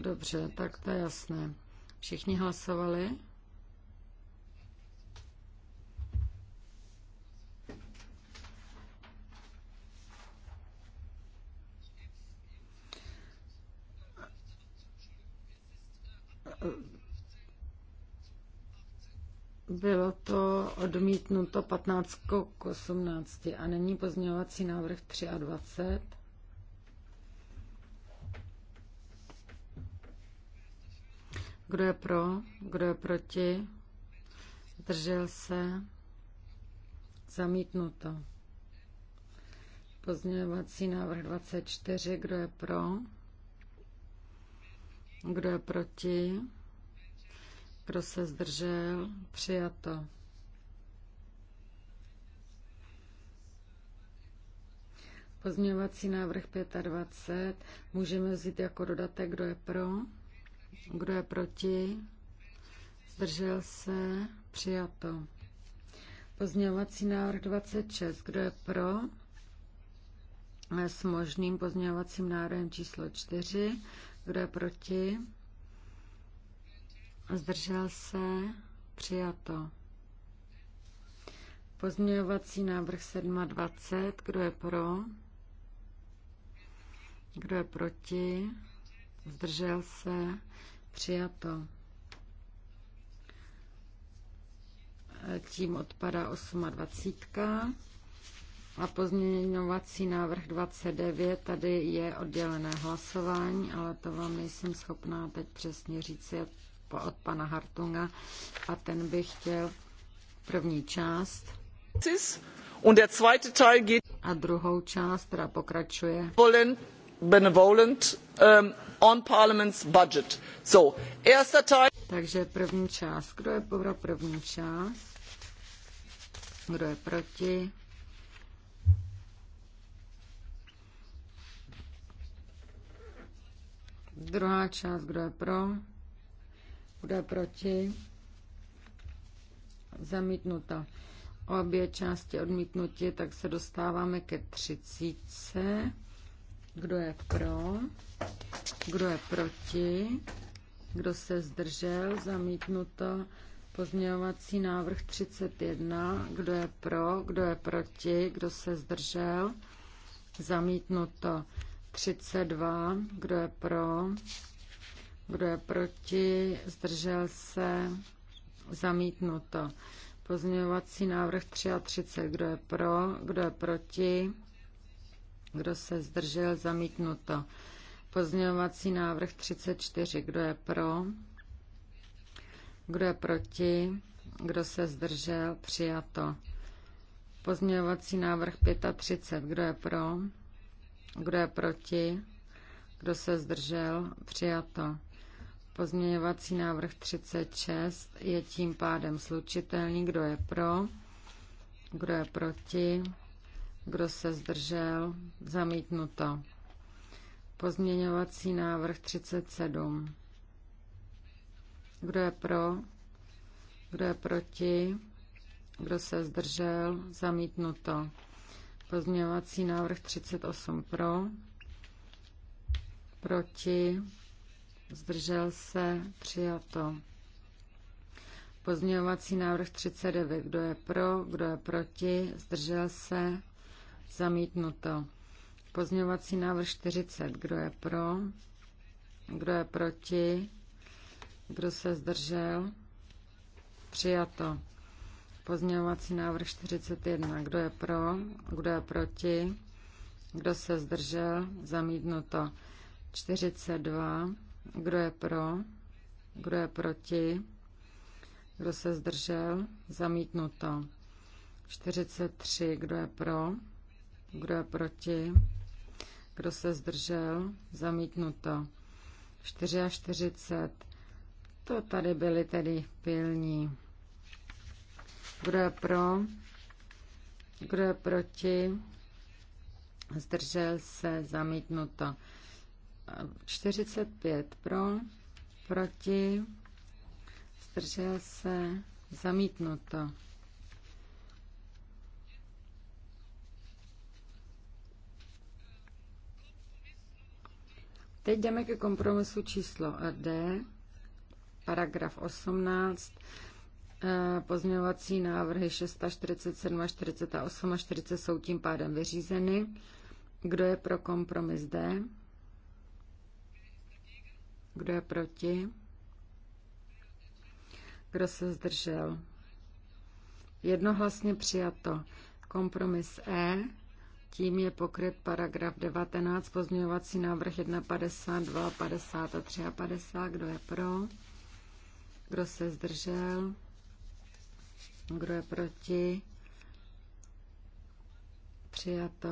Dobře, tak to je jasné. Všichni hlasovali? Bylo to odmítnuto 15 k 18 a není pozměňovací návrh 23. Kdo je pro? Kdo je proti? Držel se? Zamítnuto. Pozměňovací návrh 24. Kdo je pro? Kdo je proti? Kdo se zdržel? Přijato. Pozměňovací návrh 25 můžeme vzít jako dodatek, kdo je pro, kdo je proti, zdržel se, přijato. Pozměňovací návrh 26, kdo je pro, s možným pozměňovacím návrhem číslo 4, kdo je proti, zdržel se, přijato. Pozměňovací návrh 7.20, kdo je pro? Kdo je proti? Zdržel se? Přijato. Tím odpadá 8.20. A pozměňovací návrh 29, tady je oddělené hlasování, ale to vám nejsem schopná teď přesně říct, od pana Hartunga a ten by chtěl první část. Und der zweite Teil geht A druhou část, která pokračuje. Benevolent um, on Parliament's budget. So, erster Teil. Takže první část. Kdo je pro první část? Kdo je proti? Druhá část, kdo je pro? Kdo je proti? Zamítnuta Obě části odmítnutí, tak se dostáváme ke třicíce. Kdo je pro? Kdo je proti? Kdo se zdržel? Zamítnuto. Pozměňovací návrh 31. Kdo je pro? Kdo je proti? Kdo se zdržel? Zamítnuto. 32. Kdo je pro? Kdo je proti? Zdržel se? Zamítnuto. Pozměňovací návrh 33. Kdo je pro? Kdo je proti? Kdo se zdržel? Zamítnuto. Pozměňovací návrh 34. Kdo je pro? Kdo je proti? Kdo se zdržel? Přijato. Pozměňovací návrh 35. Kdo je pro? Kdo je proti? Kdo se zdržel? Přijato. Pozměňovací návrh 36 je tím pádem slučitelný. Kdo je pro? Kdo je proti? Kdo se zdržel? Zamítnuto. Pozměňovací návrh 37. Kdo je pro? Kdo je proti? Kdo se zdržel? Zamítnuto. Pozměňovací návrh 38 pro. Proti zdržel se, přijato. Pozměňovací návrh 39. Kdo je pro, kdo je proti, zdržel se, zamítnuto. Pozměňovací návrh 40. Kdo je pro, kdo je proti, kdo se zdržel, přijato. Pozměňovací návrh 41. Kdo je pro, kdo je proti, kdo se zdržel, zamítnuto. 42. Kdo je pro? Kdo je proti? Kdo se zdržel? Zamítnuto. 43. Kdo je pro? Kdo je proti? Kdo se zdržel? Zamítnuto. 44. To tady byly tedy pilní. Kdo je pro? Kdo je proti? Zdržel se? Zamítnuto. 45 pro, proti, zdržel se, zamítnuto. Teď jdeme ke kompromisu číslo D, paragraf 18, eh, pozměňovací návrhy 647 a 48 a 40 jsou tím pádem vyřízeny. Kdo je pro kompromis D? Kdo je proti? Kdo se zdržel? Jednohlasně přijato. Kompromis E. Tím je pokryt paragraf 19, pozměňovací návrh 1, 52, 53 a 50. Kdo je pro? Kdo se zdržel? Kdo je proti? Přijato.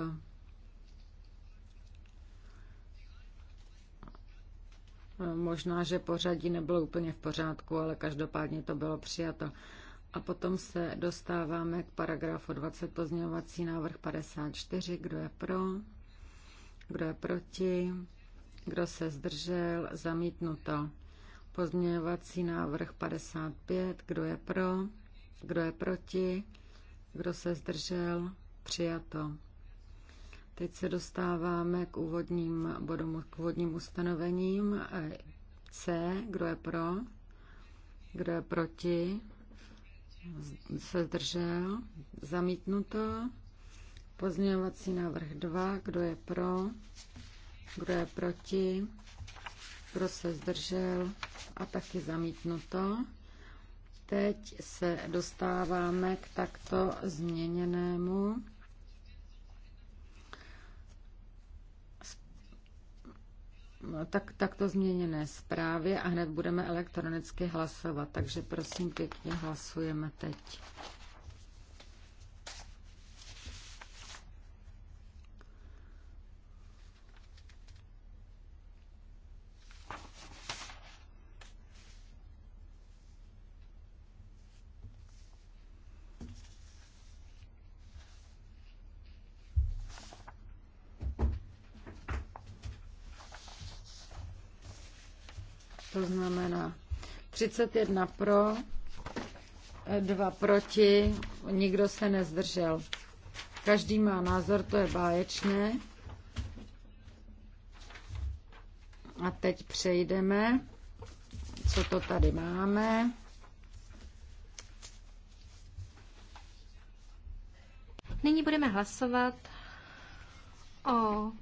Možná, že pořadí nebylo úplně v pořádku, ale každopádně to bylo přijato. A potom se dostáváme k paragrafu 20 pozměňovací návrh 54. Kdo je pro? Kdo je proti? Kdo se zdržel? Zamítnuto. Pozměňovací návrh 55. Kdo je pro? Kdo je proti? Kdo se zdržel? Přijato. Teď se dostáváme k úvodním bodům, k úvodním ustanovením. C, kdo je pro, kdo je proti, se zdržel, zamítnuto. Pozměňovací návrh 2, kdo je pro, kdo je proti, kdo se zdržel a taky zamítnuto. Teď se dostáváme k takto změněnému tak, takto změněné zprávě a hned budeme elektronicky hlasovat. Takže prosím pěkně hlasujeme teď. 31 pro, 2 proti, nikdo se nezdržel. Každý má názor, to je báječné. A teď přejdeme, co to tady máme. Nyní budeme hlasovat o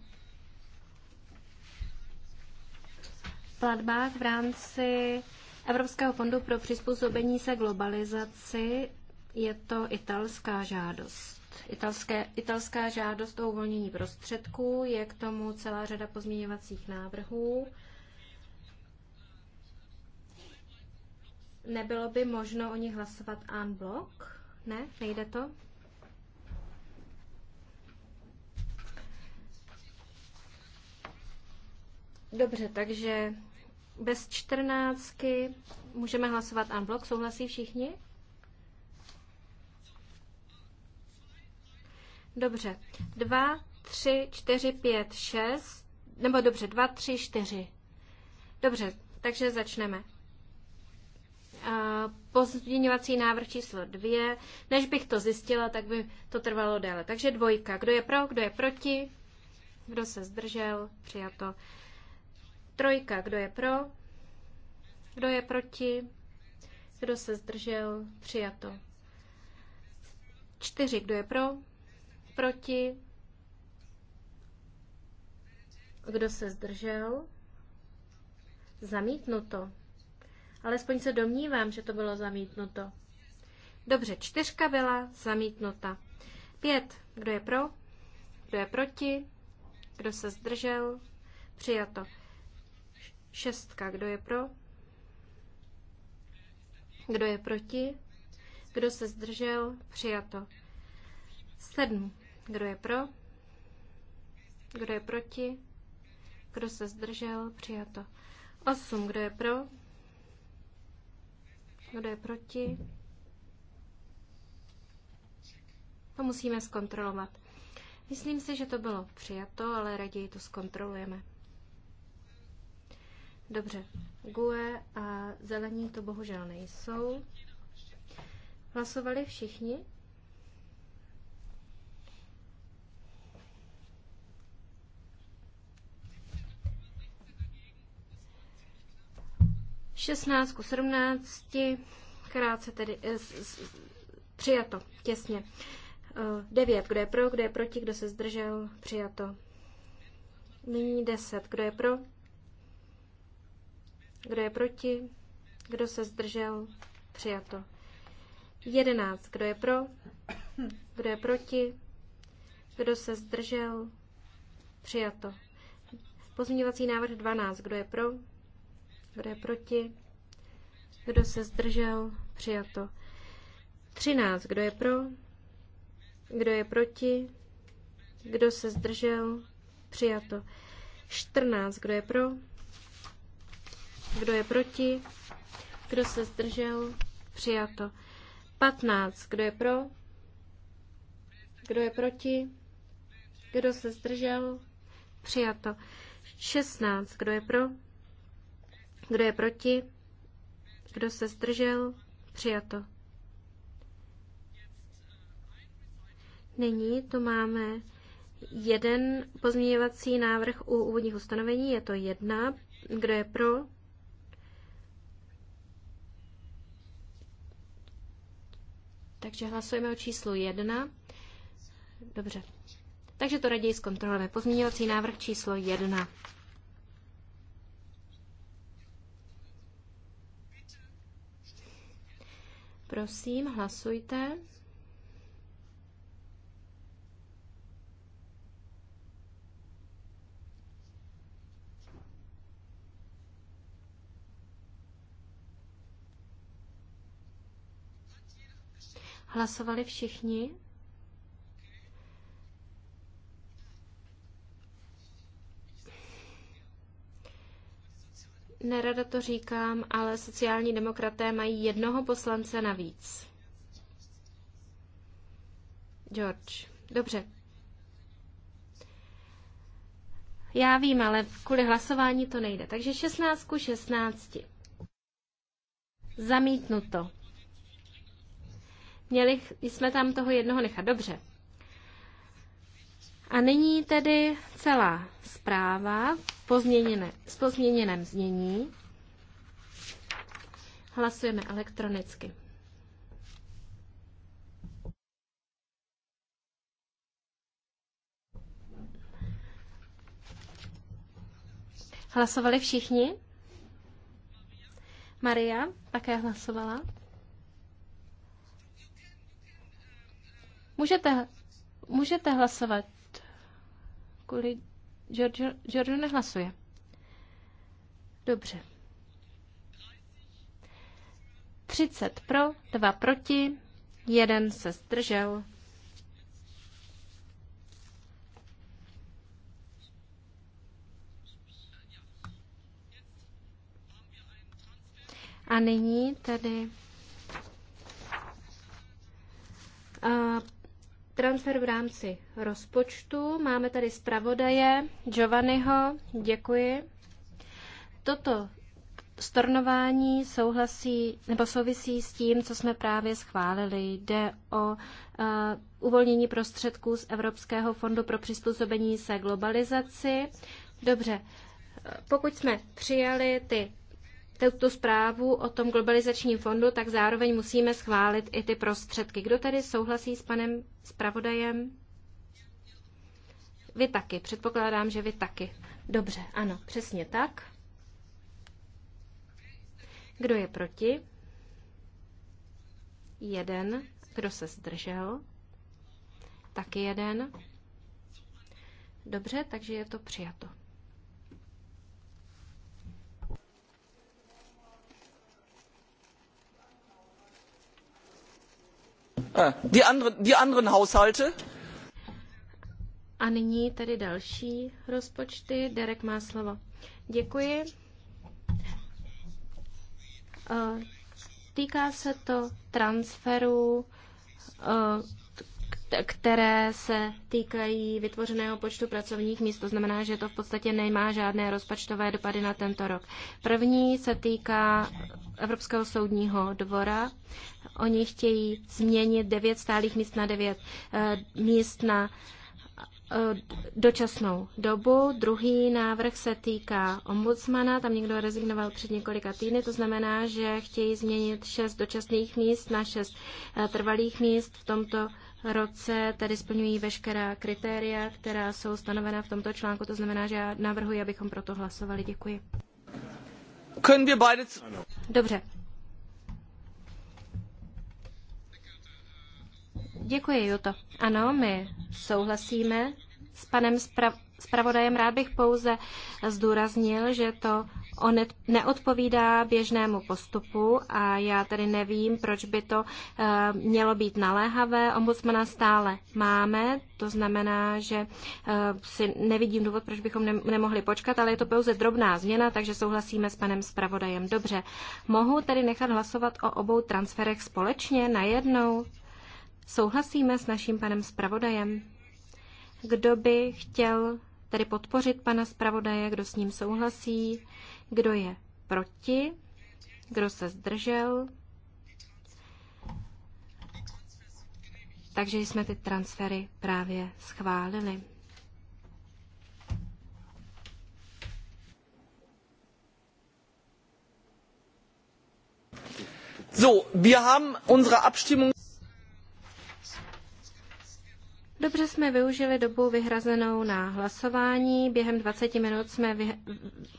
platbách v rámci Evropského fondu pro přizpůsobení se globalizaci. Je to italská žádost. Italské, italská žádost o uvolnění prostředků. Je k tomu celá řada pozměňovacích návrhů. Nebylo by možno o nich hlasovat en bloc? Ne, nejde to? Dobře, takže bez čtrnáctky. Můžeme hlasovat unblock. Souhlasí všichni? Dobře. Dva, tři, čtyři, pět, šest. Nebo dobře, dva, tři, čtyři. Dobře, takže začneme. Uh, pozměňovací návrh číslo dvě. Než bych to zjistila, tak by to trvalo déle. Takže dvojka. Kdo je pro, kdo je proti? Kdo se zdržel? Přijato. Trojka, kdo je pro? Kdo je proti? Kdo se zdržel? Přijato. Čtyři, kdo je pro? Proti? Kdo se zdržel? Zamítnuto. Alespoň se domnívám, že to bylo zamítnuto. Dobře, čtyřka byla zamítnuta. Pět, kdo je pro? Kdo je proti? Kdo se zdržel? Přijato. Šestka. Kdo je pro? Kdo je proti? Kdo se zdržel? Přijato. Sedm. Kdo je pro? Kdo je proti? Kdo se zdržel? Přijato. Osm. Kdo je pro? Kdo je proti? To musíme zkontrolovat. Myslím si, že to bylo přijato, ale raději to zkontrolujeme. Dobře, GUE a zelení to bohužel nejsou. Hlasovali všichni? Šestnáctku, sedmnácti, krátce tedy eh, přijato, těsně. Eh, devět, kdo je pro, kdo je proti, kdo se zdržel, přijato. Nyní deset, kdo je pro, kdo je proti? Kdo se zdržel? Přijato. 11. Kdo je pro? Kdo je proti? Kdo se zdržel? Přijato. Pozměňovací návrh 12. Kdo je pro? Kdo je proti? Kdo se zdržel? Přijato. 13. Kdo je pro? Kdo je proti? Kdo se zdržel? Přijato. 14. Kdo je pro? Kdo je proti? Kdo se zdržel? Přijato. 15. Kdo je pro? Kdo je proti? Kdo se zdržel? Přijato. 16. Kdo je pro? Kdo je proti? Kdo se zdržel? Přijato. Nyní tu máme jeden pozměňovací návrh u úvodních ustanovení, je to jedna. Kdo je pro? Takže hlasujeme o číslu 1. Dobře. Takže to raději zkontrolujeme. Pozměňovací návrh číslo 1. Prosím, hlasujte. Hlasovali všichni? Nerada to říkám, ale sociální demokraté mají jednoho poslance navíc. George. Dobře. Já vím, ale kvůli hlasování to nejde. Takže 16 ku 16. Zamítnuto. Měli jsme tam toho jednoho nechat. Dobře. A nyní tedy celá zpráva pozměněné, s pozměněném znění. Hlasujeme elektronicky. Hlasovali všichni? Maria také hlasovala. Můžete, můžete hlasovat. Kvůli Giorgio, Giorgio nehlasuje. Dobře. 30 pro, 2 proti, 1 se zdržel. A nyní tedy uh, Transfer v rámci rozpočtu. Máme tady zpravodaje Giovanniho. Děkuji. Toto stornování souhlasí nebo souvisí s tím, co jsme právě schválili. Jde o uh, uvolnění prostředků z Evropského fondu pro přizpůsobení se globalizaci. Dobře, eh, pokud jsme přijali ty tuto zprávu o tom globalizačním fondu, tak zároveň musíme schválit i ty prostředky. Kdo tady souhlasí s panem zpravodajem? Vy taky, předpokládám, že vy taky. Dobře, ano, přesně tak. Kdo je proti? Jeden. Kdo se zdržel? Taky jeden. Dobře, takže je to přijato. Die, andre, A nyní tedy další rozpočty. Derek má slovo. Děkuji. Eh, týká se to transferu eh, které se týkají vytvořeného počtu pracovních míst. To znamená, že to v podstatě nemá žádné rozpočtové dopady na tento rok. První se týká Evropského soudního dvora. Oni chtějí změnit devět stálých míst na devět eh, míst na eh, dočasnou dobu. Druhý návrh se týká ombudsmana, tam někdo rezignoval před několika týdny, to znamená, že chtějí změnit šest dočasných míst na šest eh, trvalých míst v tomto roce tedy splňují veškerá kritéria, která jsou stanovena v tomto článku. To znamená, že já navrhuji, abychom proto hlasovali. Děkuji. Dobře. Děkuji, Juto. Ano, my souhlasíme s panem sprav- zpravodajem. Rád bych pouze zdůraznil, že to on neodpovídá běžnému postupu a já tedy nevím, proč by to eh, mělo být naléhavé. Ombudsmana stále máme, to znamená, že eh, si nevidím důvod, proč bychom nemohli počkat, ale je to pouze drobná změna, takže souhlasíme s panem zpravodajem. Dobře, mohu tedy nechat hlasovat o obou transferech společně najednou? Souhlasíme s naším panem zpravodajem. Kdo by chtěl tedy podpořit pana zpravodaje, kdo s ním souhlasí, kdo je proti? Kdo se zdržel? Takže jsme ty transfery právě schválili. So, wir haben unsere Abstimmung Dobře jsme využili dobu vyhrazenou na hlasování. Během 20 minut jsme vy,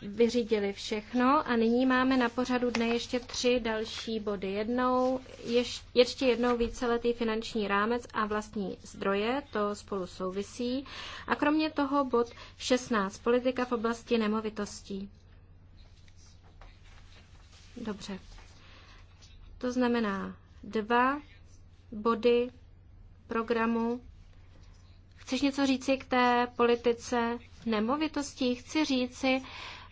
vyřídili všechno a nyní máme na pořadu dne ještě tři další body. Jednou, ješ, ještě jednou víceletý finanční rámec a vlastní zdroje, to spolu souvisí. A kromě toho bod 16, politika v oblasti nemovitostí. Dobře. To znamená dva body programu Chceš něco říci k té politice nemovitostí? Chci říci,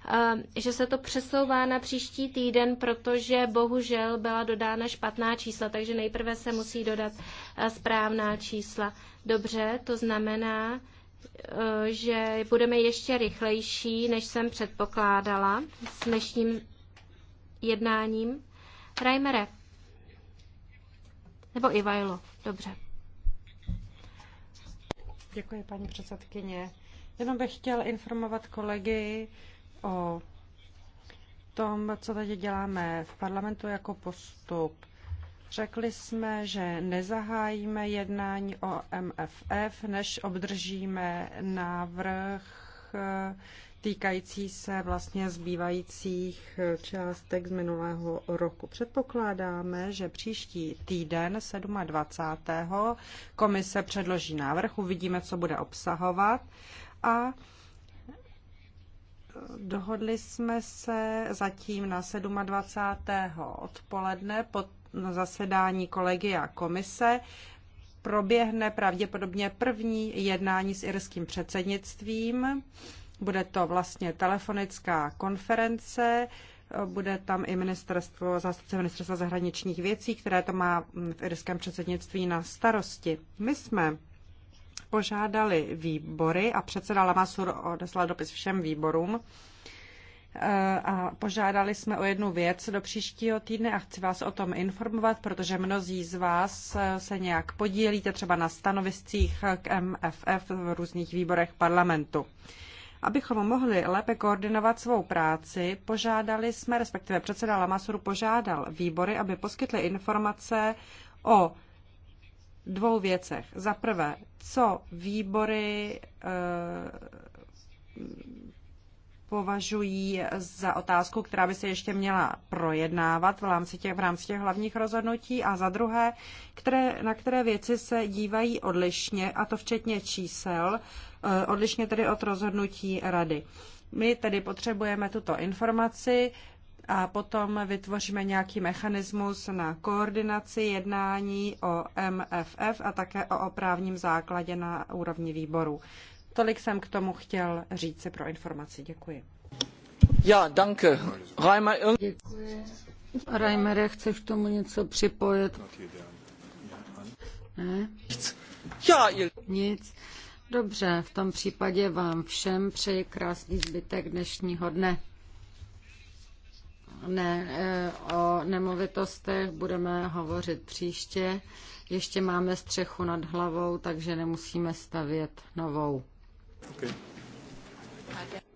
ehm, že se to přesouvá na příští týden, protože bohužel byla dodána špatná čísla, takže nejprve se musí dodat eh, správná čísla. Dobře, to znamená, eh, že budeme ještě rychlejší, než jsem předpokládala s dnešním jednáním. Reimere. Nebo Ivajlo. Dobře. Děkuji, paní předsedkyně. Jenom bych chtěl informovat kolegy o tom, co tady děláme v parlamentu jako postup. Řekli jsme, že nezahájíme jednání o MFF, než obdržíme návrh týkající se vlastně zbývajících eh, částek z minulého roku. Předpokládáme, že příští týden 27. komise předloží návrh, uvidíme, co bude obsahovat a eh, dohodli jsme se zatím na 27. odpoledne pod zasedání a komise, proběhne pravděpodobně první jednání s irským předsednictvím bude to vlastně telefonická konference, bude tam i ministerstvo, zástupce ministerstva zahraničních věcí, které to má v irském předsednictví na starosti. My jsme požádali výbory a předseda Lamasur odeslal dopis všem výborům, eh, a požádali jsme o jednu věc do příštího týdne a chci vás o tom informovat, protože mnozí z vás eh, se nějak podílíte třeba na stanoviscích k MFF v různých výborech parlamentu. Abychom mohli lépe koordinovat svou práci, požádali jsme, respektive předseda Lamasuru požádal výbory, aby poskytly informace o dvou věcech. Za prvé, co výbory eh, považují za otázku, která by se ještě měla projednávat v rámci těch, v rámci těch hlavních rozhodnutí a za druhé, které, na které věci se dívají odlišně, a to včetně čísel Eh, odlišně tedy od rozhodnutí rady. My tedy potřebujeme tuto informaci a potom vytvoříme nějaký mechanismus na koordinaci jednání o MFF a také o oprávním základě na úrovni výboru. Tolik jsem k tomu chtěl říci pro informaci. Děkuji. Ja, danke. Reimer, Děkuji. Reimere, chceš k tomu něco připojit? Ne? Ja, Nic. Dobře, v tom případě vám všem přeji krásný zbytek dnešního dne. Ne, eh, o nemovitostech budeme hovořit příště. Ještě máme střechu nad hlavou, takže nemusíme stavět novou. Okay.